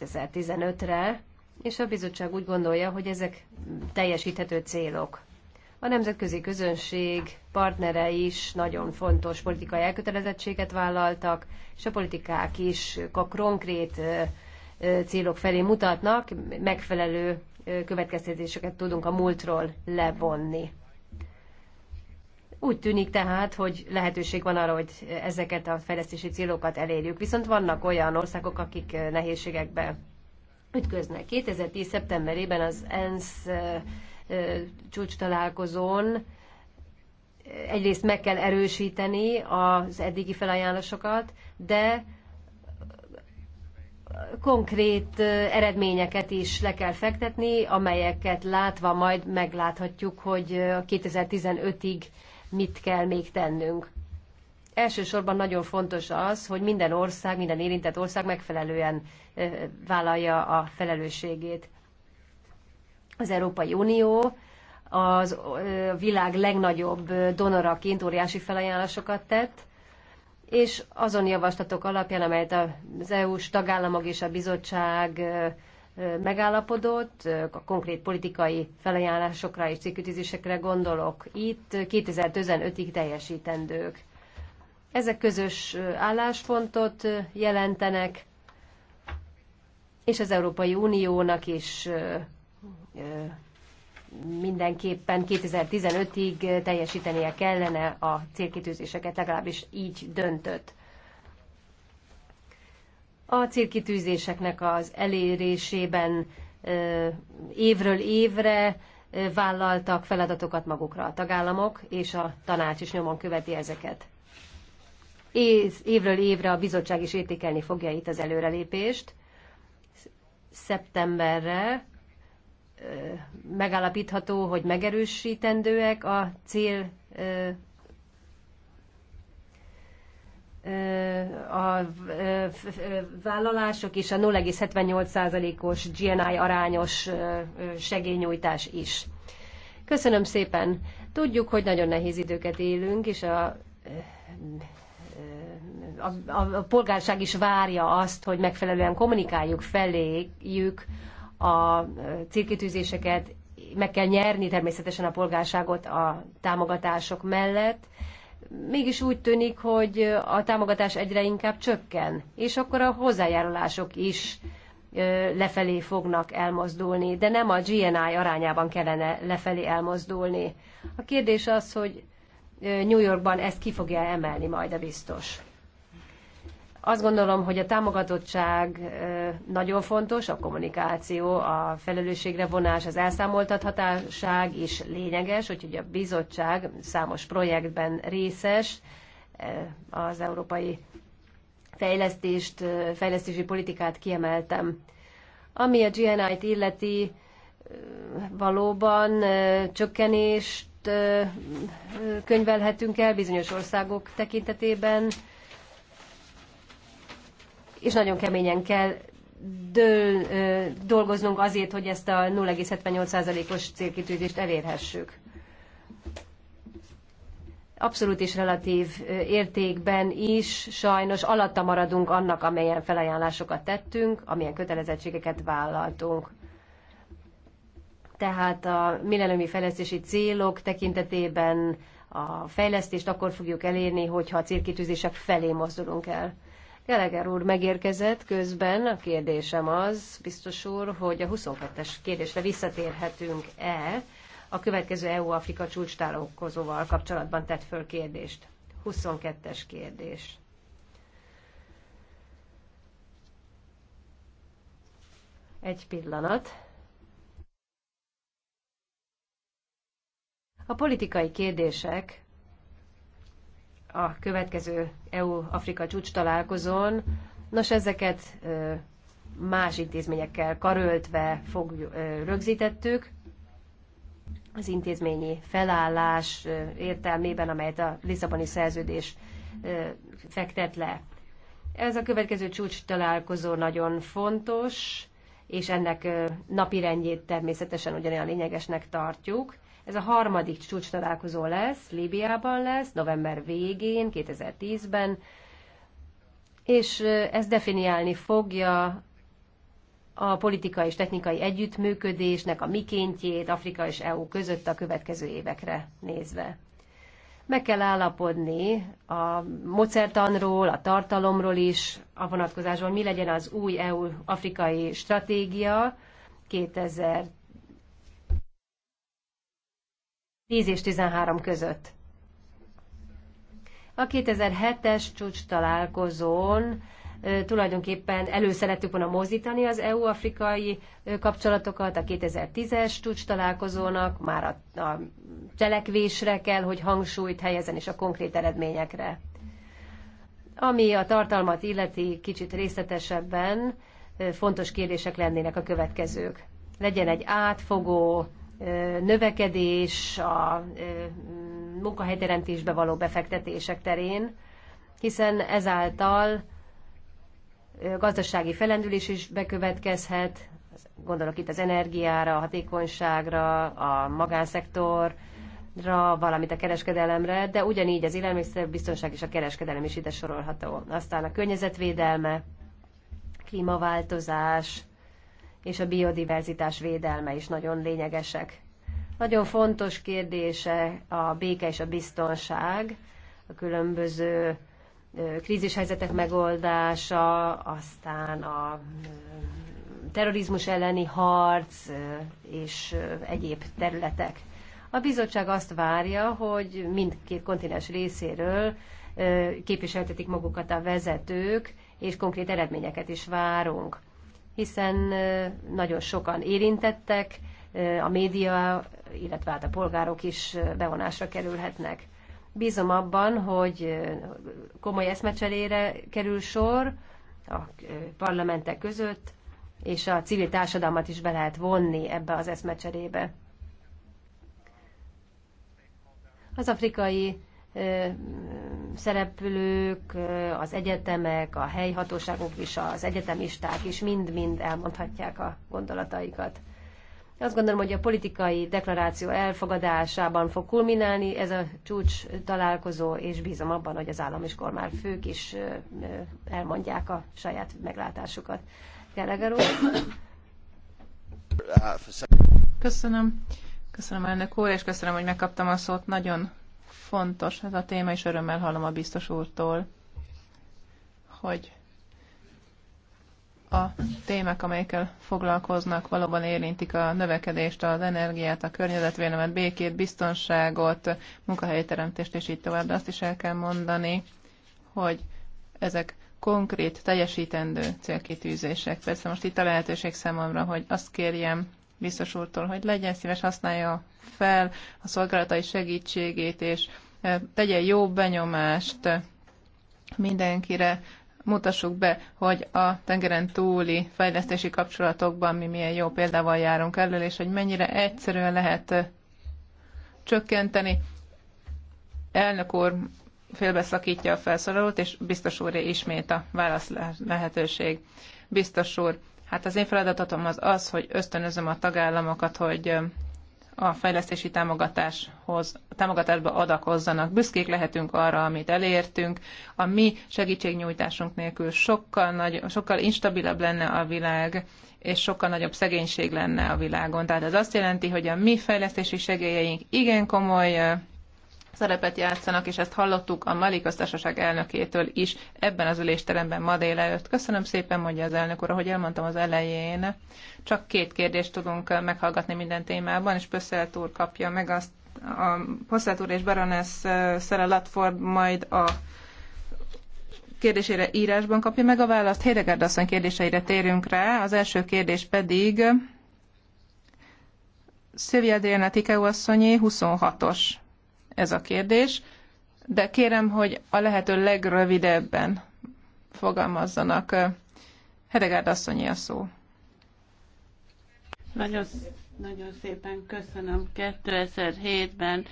2015-re, és a bizottság úgy gondolja, hogy ezek teljesíthető célok. A nemzetközi közönség partnere is nagyon fontos politikai elkötelezettséget vállaltak, és a politikák is a konkrét célok felé mutatnak, megfelelő következtetéseket tudunk a múltról levonni. Úgy tűnik tehát, hogy lehetőség van arra, hogy ezeket a fejlesztési célokat elérjük. Viszont vannak olyan országok, akik eh, nehézségekbe ütköznek. 2010. szeptemberében az ENSZ eh, eh, csúcs találkozón egyrészt meg kell erősíteni az eddigi felajánlásokat, de konkrét eredményeket is le kell fektetni, amelyeket látva majd megláthatjuk, hogy 2015-ig mit kell még tennünk. Elsősorban nagyon fontos az, hogy minden ország, minden érintett ország megfelelően vállalja a felelősségét. Az Európai Unió az világ legnagyobb donoraként óriási felajánlásokat tett, és azon javaslatok alapján, amelyet az EU-s tagállamok és a bizottság megállapodott, a konkrét politikai felajánlásokra és cikkütizésekre gondolok. Itt 2015-ig teljesítendők. Ezek közös álláspontot jelentenek, és az Európai Uniónak is mindenképpen 2015-ig teljesítenie kellene a célkitűzéseket, legalábbis így döntött a célkitűzéseknek az elérésében évről évre vállaltak feladatokat magukra a tagállamok, és a tanács is nyomon követi ezeket. Évről évre a bizottság is értékelni fogja itt az előrelépést. Szeptemberre megállapítható, hogy megerősítendőek a cél a vállalások és a 0,78%-os GNI arányos segélynyújtás is. Köszönöm szépen. Tudjuk, hogy nagyon nehéz időket élünk, és a, a, a, a polgárság is várja azt, hogy megfelelően kommunikáljuk feléjük a célkitűzéseket, meg kell nyerni természetesen a polgárságot a támogatások mellett, mégis úgy tűnik, hogy a támogatás egyre inkább csökken, és akkor a hozzájárulások is lefelé fognak elmozdulni, de nem a GNI arányában kellene lefelé elmozdulni. A kérdés az, hogy New Yorkban ezt ki fogja emelni majd a biztos. Azt gondolom, hogy a támogatottság nagyon fontos, a kommunikáció, a felelősségre vonás, az elszámoltathatóság is lényeges, úgyhogy a bizottság számos projektben részes az európai fejlesztést, fejlesztési politikát kiemeltem. Ami a GNI-t illeti, valóban csökkenést könyvelhetünk el bizonyos országok tekintetében, és nagyon keményen kell dől, dolgoznunk azért, hogy ezt a 0,78%-os célkitűzést elérhessük. Abszolút és relatív értékben is sajnos alatta maradunk annak, amelyen felajánlásokat tettünk, amilyen kötelezettségeket vállaltunk. Tehát a millenőmi fejlesztési célok tekintetében a fejlesztést akkor fogjuk elérni, hogyha a célkitűzések felé mozdulunk el. Geleger úr megérkezett közben. A kérdésem az, biztos úr, hogy a 22-es kérdésre visszatérhetünk-e a következő EU-Afrika csúcs kapcsolatban tett föl kérdést. 22-es kérdés. Egy pillanat. A politikai kérdések a következő EU-Afrika csúcs találkozón. Nos, ezeket más intézményekkel karöltve fog, rögzítettük. Az intézményi felállás értelmében, amelyet a Lisszaboni szerződés fektet le. Ez a következő csúcs találkozó nagyon fontos, és ennek napi rendjét természetesen ugyanilyen lényegesnek tartjuk. Ez a harmadik csúcs találkozó lesz, Líbiában lesz, november végén, 2010-ben, és ez definiálni fogja a politikai és technikai együttműködésnek a mikéntjét Afrika és EU között a következő évekre nézve. Meg kell állapodni a mozertanról, a tartalomról is, a vonatkozásról, mi legyen az új EU-afrikai stratégia 2010 10 és 13 között. A 2007-es csúcs találkozón tulajdonképpen elő szerettük volna mozítani az EU-afrikai kapcsolatokat, a 2010-es csúcs találkozónak már a, a cselekvésre kell, hogy hangsúlyt helyezen és a konkrét eredményekre. Ami a tartalmat illeti kicsit részletesebben, fontos kérdések lennének a következők. Legyen egy átfogó növekedés, a munkahelyteremtésbe való befektetések terén, hiszen ezáltal gazdasági felendülés is bekövetkezhet, gondolok itt az energiára, a hatékonyságra, a magánszektorra, valamit a kereskedelemre, de ugyanígy az élelmiszerbiztonság és a kereskedelem is ide sorolható. Aztán a környezetvédelme, klímaváltozás, és a biodiverzitás védelme is nagyon lényegesek. Nagyon fontos kérdése a béke és a biztonság, a különböző krízishelyzetek megoldása, aztán a terrorizmus elleni harc és egyéb területek. A bizottság azt várja, hogy mindkét kontinens részéről képviseltetik magukat a vezetők, és konkrét eredményeket is várunk hiszen nagyon sokan érintettek, a média, illetve hát a polgárok is bevonásra kerülhetnek. Bízom abban, hogy komoly eszmecserére kerül sor a parlamentek között, és a civil társadalmat is be lehet vonni ebbe az eszmecserébe. Az afrikai szereplők, az egyetemek, a helyi hatóságok is, az egyetemisták is mind-mind elmondhatják a gondolataikat. Azt gondolom, hogy a politikai deklaráció elfogadásában fog kulminálni ez a csúcs találkozó, és bízom abban, hogy az állam és kormányfők is elmondják a saját meglátásukat. Gallagher úr? Köszönöm. Köszönöm elnök úr, és köszönöm, hogy megkaptam a szót. Nagyon fontos ez a téma, és örömmel hallom a biztos úrtól, hogy a témák, amelyekkel foglalkoznak, valóban érintik a növekedést, az energiát, a környezetvédelmet, békét, biztonságot, munkahelyteremtést, és így tovább. De azt is el kell mondani, hogy ezek konkrét, teljesítendő célkitűzések. Persze most itt a lehetőség számomra, hogy azt kérjem biztos úrtól, hogy legyen szíves, használja a fel a szolgálatai segítségét, és e, tegye jó benyomást mindenkire, mutassuk be, hogy a tengeren túli fejlesztési kapcsolatokban mi milyen jó példával járunk elő, és hogy mennyire egyszerűen lehet e, csökkenteni. Elnök úr félbeszakítja a felszólalót, és biztos úr ismét a válasz lehetőség. Biztos úr, hát az én feladatom az az, hogy ösztönözöm a tagállamokat, hogy e, a fejlesztési támogatáshoz, támogatásba adakozzanak. Büszkék lehetünk arra, amit elértünk. A mi segítségnyújtásunk nélkül sokkal, nagy, sokkal instabilabb lenne a világ, és sokkal nagyobb szegénység lenne a világon. Tehát ez azt jelenti, hogy a mi fejlesztési segélyeink igen komoly szerepet játszanak, és ezt hallottuk a Mali köztársaság elnökétől is ebben az ülésteremben ma délelőtt. Köszönöm szépen, mondja az elnök úr, ahogy elmondtam az elején, csak két kérdést tudunk meghallgatni minden témában, és Pösszelt úr kapja meg azt, a Pösszelt úr és Baronesz Szere Latford majd a kérdésére írásban kapja meg a választ. Hédegárd asszony kérdéseire térünk rá. Az első kérdés pedig Szövi Adriana Tikeu 26-os. Ez a kérdés. De kérem, hogy a lehető legrövidebben fogalmazzanak. Hedegárd asszonyi a szó. Nagyon, nagyon szépen köszönöm. 2007-ben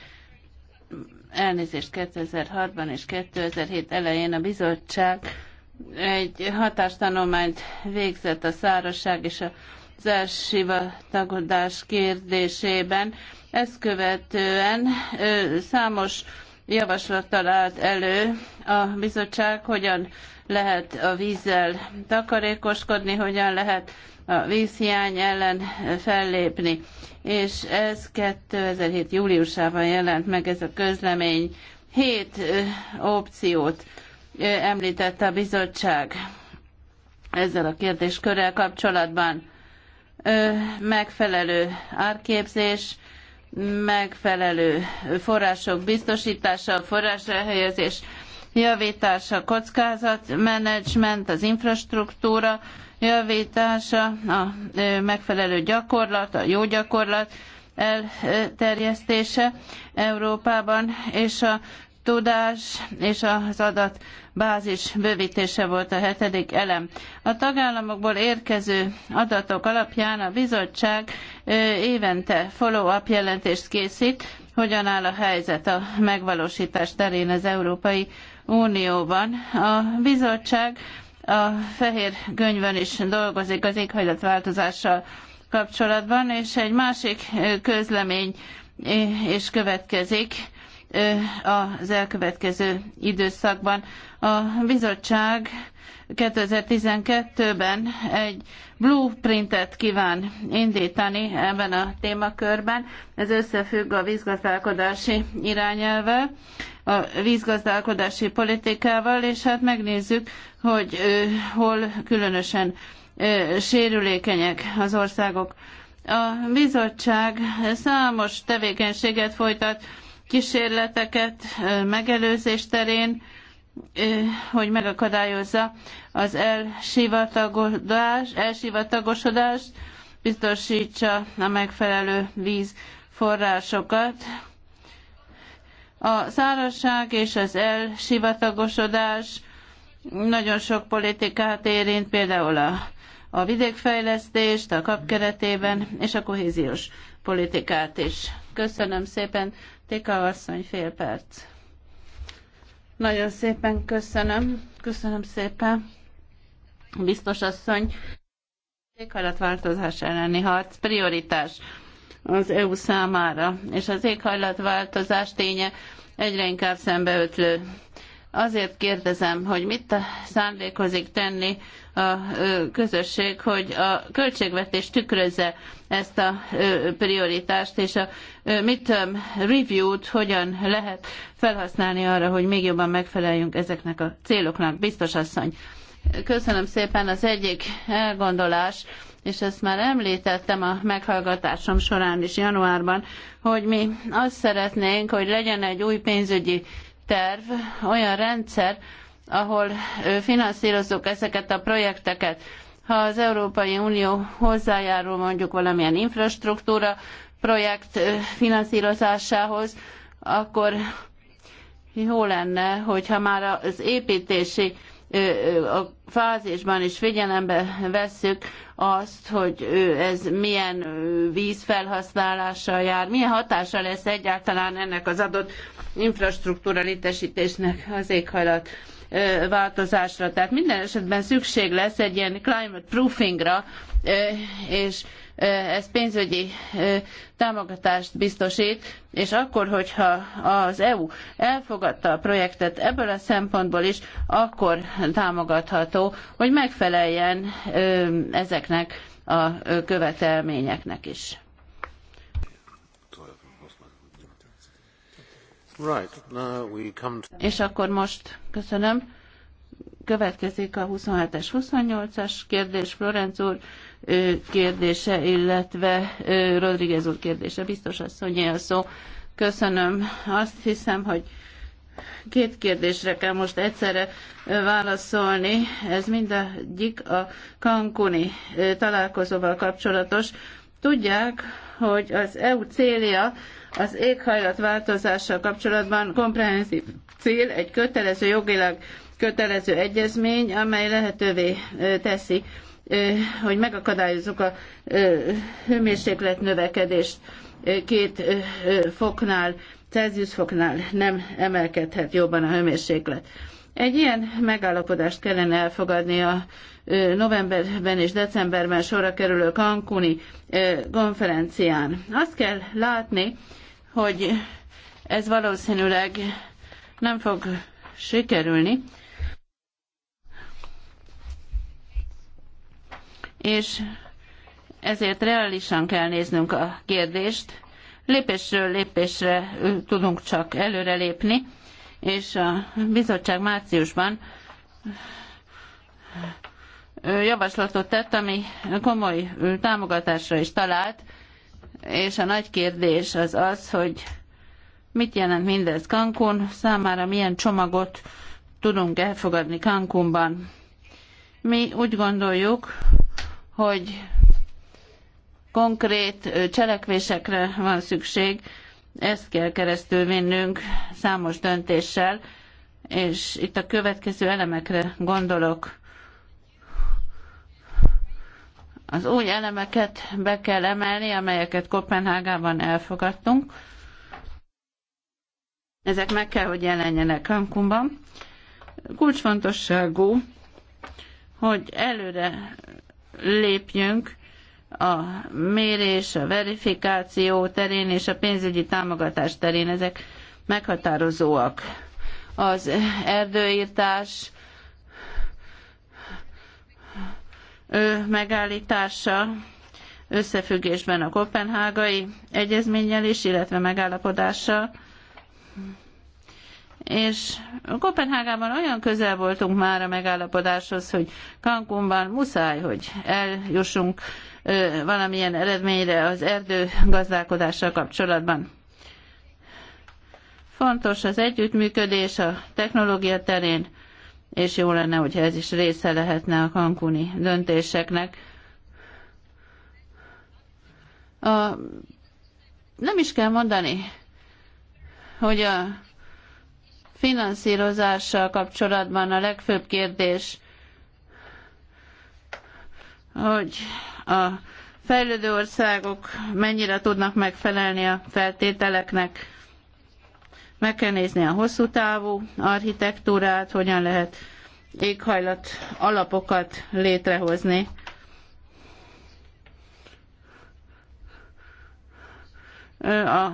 elnézést 2006-ban és 2007 elején a bizottság egy hatástanulmányt végzett a szárosság és a társivatagodás kérdésében. Ezt követően számos javaslattal állt elő a bizottság, hogyan lehet a vízzel takarékoskodni, hogyan lehet a vízhiány ellen fellépni. És ez 2007. júliusában jelent meg ez a közlemény. Hét opciót említette a bizottság ezzel a kérdéskörrel kapcsolatban megfelelő árképzés, megfelelő források biztosítása, forrás elhelyezés, javítása, kockázatmenedzsment, az infrastruktúra javítása, a megfelelő gyakorlat, a jó gyakorlat elterjesztése Európában, és a tudás és az adatbázis bővítése volt a hetedik elem. A tagállamokból érkező adatok alapján a bizottság évente follow-up jelentést készít, hogyan áll a helyzet a megvalósítás terén az Európai Unióban. A bizottság a fehér könyvön is dolgozik az éghajlatváltozással kapcsolatban, és egy másik közlemény és következik az elkövetkező időszakban. A bizottság 2012-ben egy blueprintet kíván indítani ebben a témakörben. Ez összefügg a vízgazdálkodási irányelvvel, a vízgazdálkodási politikával, és hát megnézzük, hogy hol különösen sérülékenyek az országok. A bizottság számos tevékenységet folytat, kísérleteket megelőzés terén, hogy megakadályozza az elsivatagodás, elsivatagosodást, biztosítsa a megfelelő vízforrásokat. A szárazság és az elsivatagosodás nagyon sok politikát érint, például a, a vidékfejlesztést a kap keretében, és a kohéziós politikát is. Köszönöm szépen Tika asszony, fél perc. Nagyon szépen köszönöm. Köszönöm szépen. Biztos asszony. Éghajlatváltozás elleni harc prioritás az EU számára, és az éghajlatváltozás ténye egyre inkább szembeötlő Azért kérdezem, hogy mit szándékozik tenni a közösség, hogy a költségvetés tükrözze ezt a prioritást, és a midterm review-t hogyan lehet felhasználni arra, hogy még jobban megfeleljünk ezeknek a céloknak. Biztos asszony. Köszönöm szépen az egyik elgondolás, és ezt már említettem a meghallgatásom során is januárban, hogy mi azt szeretnénk, hogy legyen egy új pénzügyi terv, olyan rendszer, ahol finanszírozzuk ezeket a projekteket. Ha az Európai Unió hozzájárul mondjuk valamilyen infrastruktúra projekt finanszírozásához, akkor jó lenne, hogyha már az építési a fázisban is figyelembe vesszük azt, hogy ez milyen vízfelhasználással jár, milyen hatása lesz egyáltalán ennek az adott infrastruktúra létesítésnek az éghajlat változásra. Tehát minden esetben szükség lesz egy ilyen climate proofingra, és ez pénzügyi támogatást biztosít, és akkor, hogyha az EU elfogadta a projektet ebből a szempontból is, akkor támogatható, hogy megfeleljen ezeknek a követelményeknek is. Right. Now we come to... És akkor most, köszönöm, következik a 27-es, 28-as kérdés, Florenc úr kérdése, illetve Rodriguez úr kérdése. Biztos asszonyé a szó. Köszönöm. Azt hiszem, hogy két kérdésre kell most egyszerre válaszolni. Ez mindegyik a Cancuni találkozóval kapcsolatos. Tudják, hogy az EU célja az éghajlatváltozással kapcsolatban komprehenzív cél, egy kötelező jogilag kötelező egyezmény, amely lehetővé teszi, hogy megakadályozzuk a hőmérséklet növekedést két foknál, Celsius foknál nem emelkedhet jobban a hőmérséklet. Egy ilyen megállapodást kellene elfogadni a novemberben és decemberben sorra kerülő Cancuni konferencián. Azt kell látni, hogy ez valószínűleg nem fog sikerülni, és ezért reálisan kell néznünk a kérdést. Lépésről lépésre tudunk csak előrelépni, és a bizottság márciusban javaslatot tett, ami komoly támogatásra is talált, és a nagy kérdés az az, hogy mit jelent mindez Cancún, számára milyen csomagot tudunk elfogadni Cancúnban. Mi úgy gondoljuk, hogy konkrét cselekvésekre van szükség, ezt kell keresztül vinnünk számos döntéssel, és itt a következő elemekre gondolok. Az új elemeket be kell emelni, amelyeket Kopenhágában elfogadtunk. Ezek meg kell, hogy jelenjenek Cancunban. Kulcsfontosságú, hogy előre lépjünk a mérés, a verifikáció terén és a pénzügyi támogatás terén. Ezek meghatározóak. Az erdőírtás megállítása összefüggésben a kopenhágai egyezménnyel is, illetve megállapodással. És Kopenhágában olyan közel voltunk már a megállapodáshoz, hogy Cancúnban muszáj, hogy eljussunk valamilyen eredményre az erdőgazdálkodással kapcsolatban. Fontos az együttműködés a technológia terén, és jó lenne, hogyha ez is része lehetne a kankuni döntéseknek. A, nem is kell mondani, hogy a finanszírozással kapcsolatban a legfőbb kérdés, hogy a fejlődő országok mennyire tudnak megfelelni a feltételeknek. Meg kell nézni a hosszú távú architektúrát, hogyan lehet éghajlat alapokat létrehozni. A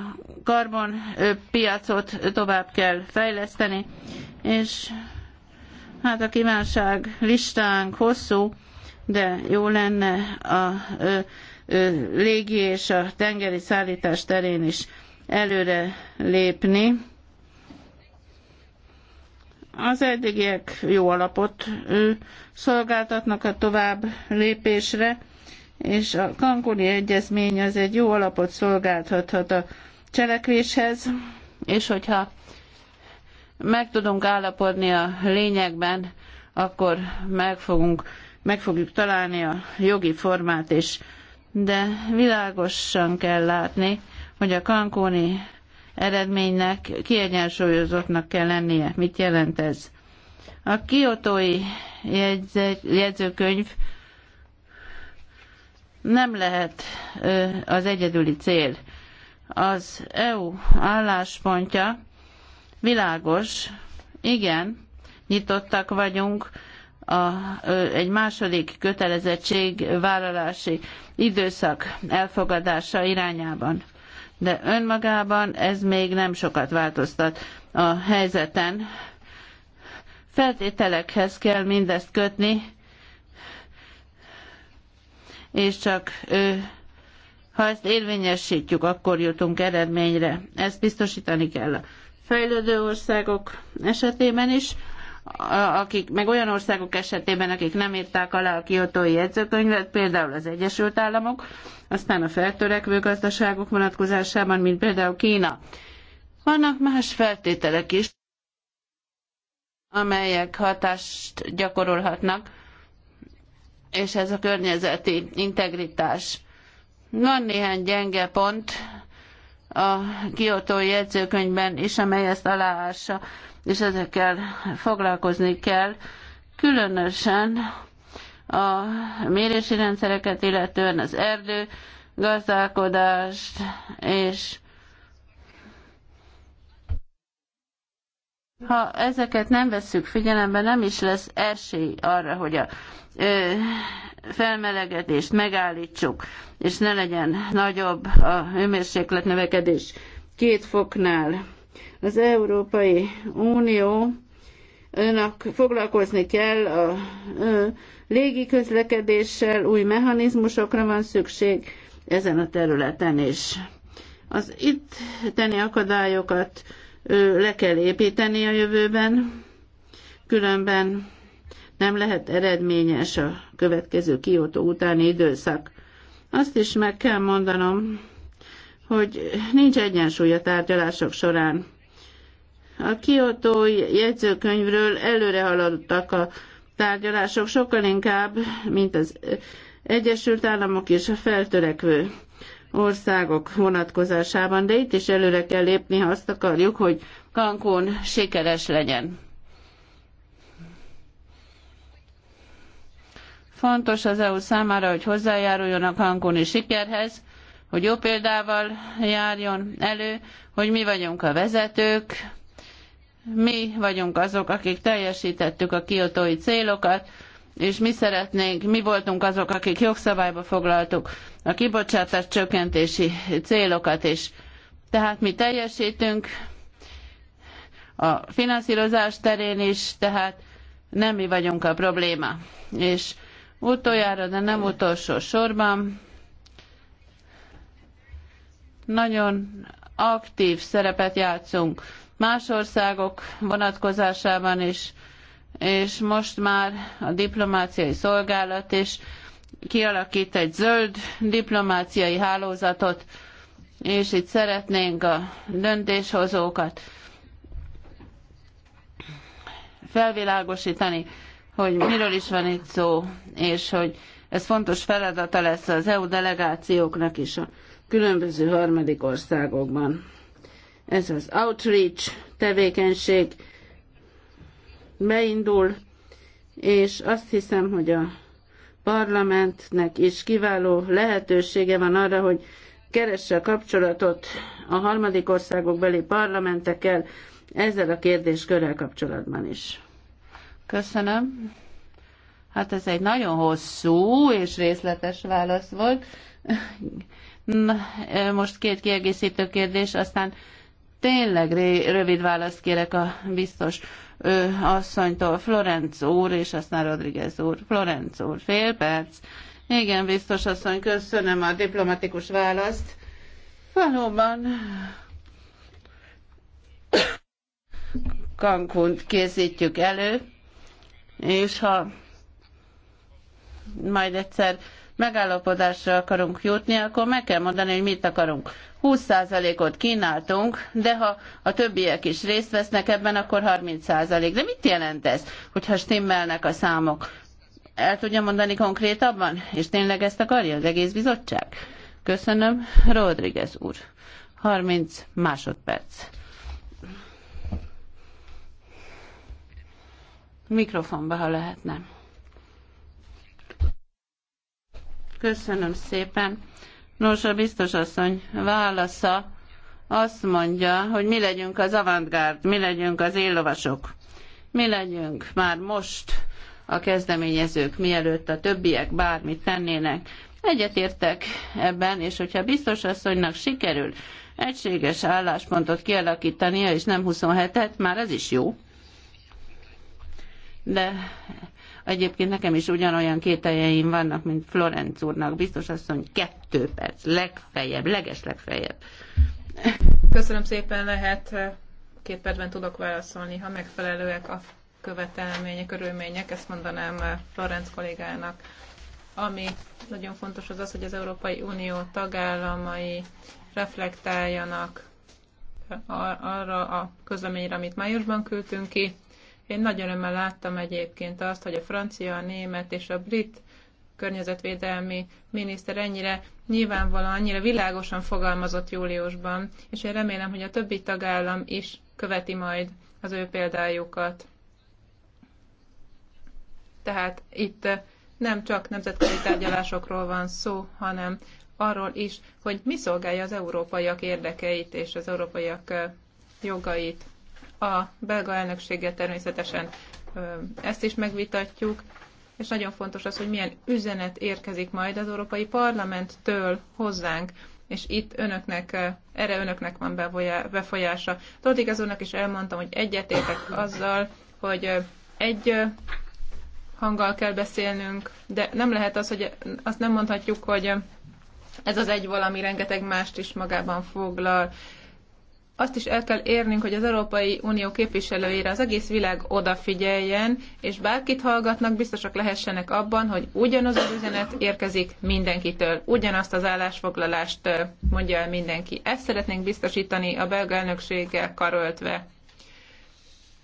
karbonpiacot tovább kell fejleszteni, és hát a kívánság listánk hosszú, de jó lenne a légi és a tengeri szállítás terén is előre lépni. Az eddigiek jó alapot szolgáltatnak a tovább lépésre, és a Kankoni Egyezmény az egy jó alapot szolgáltathat a cselekvéshez, és hogyha meg tudunk állapodni a lényegben, akkor meg fogunk meg fogjuk találni a jogi formát is. De világosan kell látni, hogy a kankóni eredménynek kiegyensúlyozottnak kell lennie. Mit jelent ez? A kiotói jegyzőkönyv nem lehet az egyedüli cél. Az EU álláspontja világos, igen, nyitottak vagyunk, a, egy második kötelezettségvállalási időszak elfogadása irányában. De önmagában ez még nem sokat változtat a helyzeten. Feltételekhez kell mindezt kötni, és csak ha ezt érvényesítjük, akkor jutunk eredményre. Ezt biztosítani kell a fejlődő országok esetében is akik, meg olyan országok esetében, akik nem írták alá a kiotói jegyzőkönyvet, például az Egyesült Államok, aztán a feltörekvő gazdaságok vonatkozásában, mint például Kína. Vannak más feltételek is, amelyek hatást gyakorolhatnak, és ez a környezeti integritás. Van néhány gyenge pont a kiotói jegyzőkönyvben is, amely ezt aláássa és ezekkel foglalkozni kell, különösen a mérési rendszereket, illetően az erdő, gazdálkodást és ha ezeket nem vesszük figyelembe, nem is lesz esély arra, hogy a ö, felmelegedést megállítsuk, és ne legyen nagyobb a hőmérséklet növekedés két foknál. Az Európai Unió önök foglalkozni kell a légi közlekedéssel, új mechanizmusokra van szükség ezen a területen is. Az itt tenni akadályokat le kell építeni a jövőben, különben nem lehet eredményes a következő kiótó utáni időszak. Azt is meg kell mondanom, hogy nincs egyensúly a tárgyalások során a kiotói jegyzőkönyvről előre haladtak a tárgyalások sokkal inkább, mint az Egyesült Államok és a feltörekvő országok vonatkozásában, de itt is előre kell lépni, ha azt akarjuk, hogy Cancún sikeres legyen. Fontos az EU számára, hogy hozzájáruljon a Cancúni sikerhez, hogy jó példával járjon elő, hogy mi vagyunk a vezetők, mi vagyunk azok, akik teljesítettük a kiotói célokat, és mi szeretnénk, mi voltunk azok, akik jogszabályba foglaltuk a kibocsátás csökkentési célokat, és tehát mi teljesítünk a finanszírozás terén is, tehát nem mi vagyunk a probléma. És utoljára, de nem utolsó sorban, nagyon aktív szerepet játszunk más országok vonatkozásában is, és most már a diplomáciai szolgálat is kialakít egy zöld diplomáciai hálózatot, és itt szeretnénk a döntéshozókat felvilágosítani, hogy miről is van itt szó, és hogy ez fontos feladata lesz az EU delegációknak is a különböző harmadik országokban ez az outreach tevékenység beindul, és azt hiszem, hogy a parlamentnek is kiváló lehetősége van arra, hogy keresse a kapcsolatot a harmadik országok beli parlamentekkel ezzel a kérdéskörrel kapcsolatban is. Köszönöm. Hát ez egy nagyon hosszú és részletes válasz volt. Most két kiegészítő kérdés, aztán Tényleg rövid választ kérek a biztos ö, asszonytól. Florenc úr, és aztán Rodriguez úr. Florenc úr, fél perc. Igen, biztos asszony, köszönöm a diplomatikus választ. Valóban Cancunt készítjük elő, és ha majd egyszer megállapodásra akarunk jutni, akkor meg kell mondani, hogy mit akarunk. 20%-ot kínáltunk, de ha a többiek is részt vesznek ebben, akkor 30%. De mit jelent ez, hogyha stimmelnek a számok? El tudja mondani konkrétabban? És tényleg ezt akarja az egész bizottság? Köszönöm, Rodriguez úr. 30 másodperc. Mikrofonba, ha lehetne. Köszönöm szépen. Nos, a biztos asszony válasza azt mondja, hogy mi legyünk az avantgárd, mi legyünk az éllovasok, mi legyünk már most a kezdeményezők, mielőtt a többiek bármit tennének. Egyetértek ebben, és hogyha biztos asszonynak sikerül egységes álláspontot kialakítania, és nem 27-et, már ez is jó. De Egyébként nekem is ugyanolyan kételjeim vannak, mint Florenc úrnak. Biztos hogy kettő perc, legfeljebb, leges legfeljebb. Köszönöm szépen, lehet két percben tudok válaszolni, ha megfelelőek a követelmények, körülmények, ezt mondanám Florenc kollégának. Ami nagyon fontos az az, hogy az Európai Unió tagállamai reflektáljanak arra a közleményre, amit májusban küldtünk ki, én nagy örömmel láttam egyébként azt, hogy a francia, a német és a brit környezetvédelmi miniszter ennyire nyilvánvalóan, annyira világosan fogalmazott júliusban, és én remélem, hogy a többi tagállam is követi majd az ő példájukat. Tehát itt nem csak nemzetközi tárgyalásokról van szó, hanem arról is, hogy mi szolgálja az európaiak érdekeit és az európaiak jogait. A belga elnökséggel természetesen ezt is megvitatjuk, és nagyon fontos az, hogy milyen üzenet érkezik majd az Európai Parlamenttől hozzánk, és itt önöknek, erre önöknek van befolyása. Tóth igazónak is elmondtam, hogy egyetértek azzal, hogy egy hanggal kell beszélnünk, de nem lehet az, hogy azt nem mondhatjuk, hogy ez az egy valami rengeteg mást is magában foglal azt is el kell érnünk, hogy az Európai Unió képviselőjére az egész világ odafigyeljen, és bárkit hallgatnak, biztosak lehessenek abban, hogy ugyanaz az üzenet érkezik mindenkitől, ugyanazt az állásfoglalást mondja el mindenki. Ezt szeretnénk biztosítani a belga elnökséggel karöltve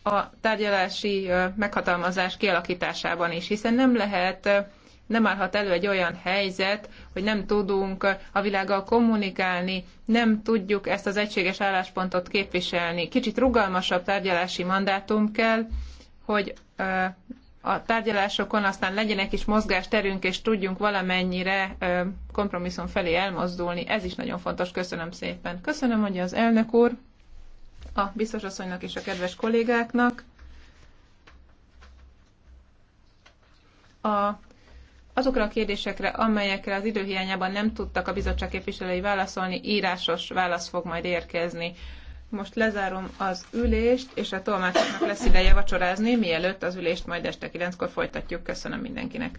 a tárgyalási meghatalmazás kialakításában is, hiszen nem lehet nem állhat elő egy olyan helyzet, hogy nem tudunk a világgal kommunikálni, nem tudjuk ezt az egységes álláspontot képviselni. Kicsit rugalmasabb tárgyalási mandátum kell, hogy a tárgyalásokon aztán legyenek is mozgásterünk, és tudjunk valamennyire kompromisszum felé elmozdulni. Ez is nagyon fontos. Köszönöm szépen. Köszönöm, hogy az elnök úr, a biztosasszonynak és a kedves kollégáknak. A Azokra a kérdésekre, amelyekre az időhiányában nem tudtak a bizottság képviselői válaszolni, írásos válasz fog majd érkezni. Most lezárom az ülést, és a tolmácsoknak lesz ideje vacsorázni, mielőtt az ülést majd este 9-kor folytatjuk. Köszönöm mindenkinek!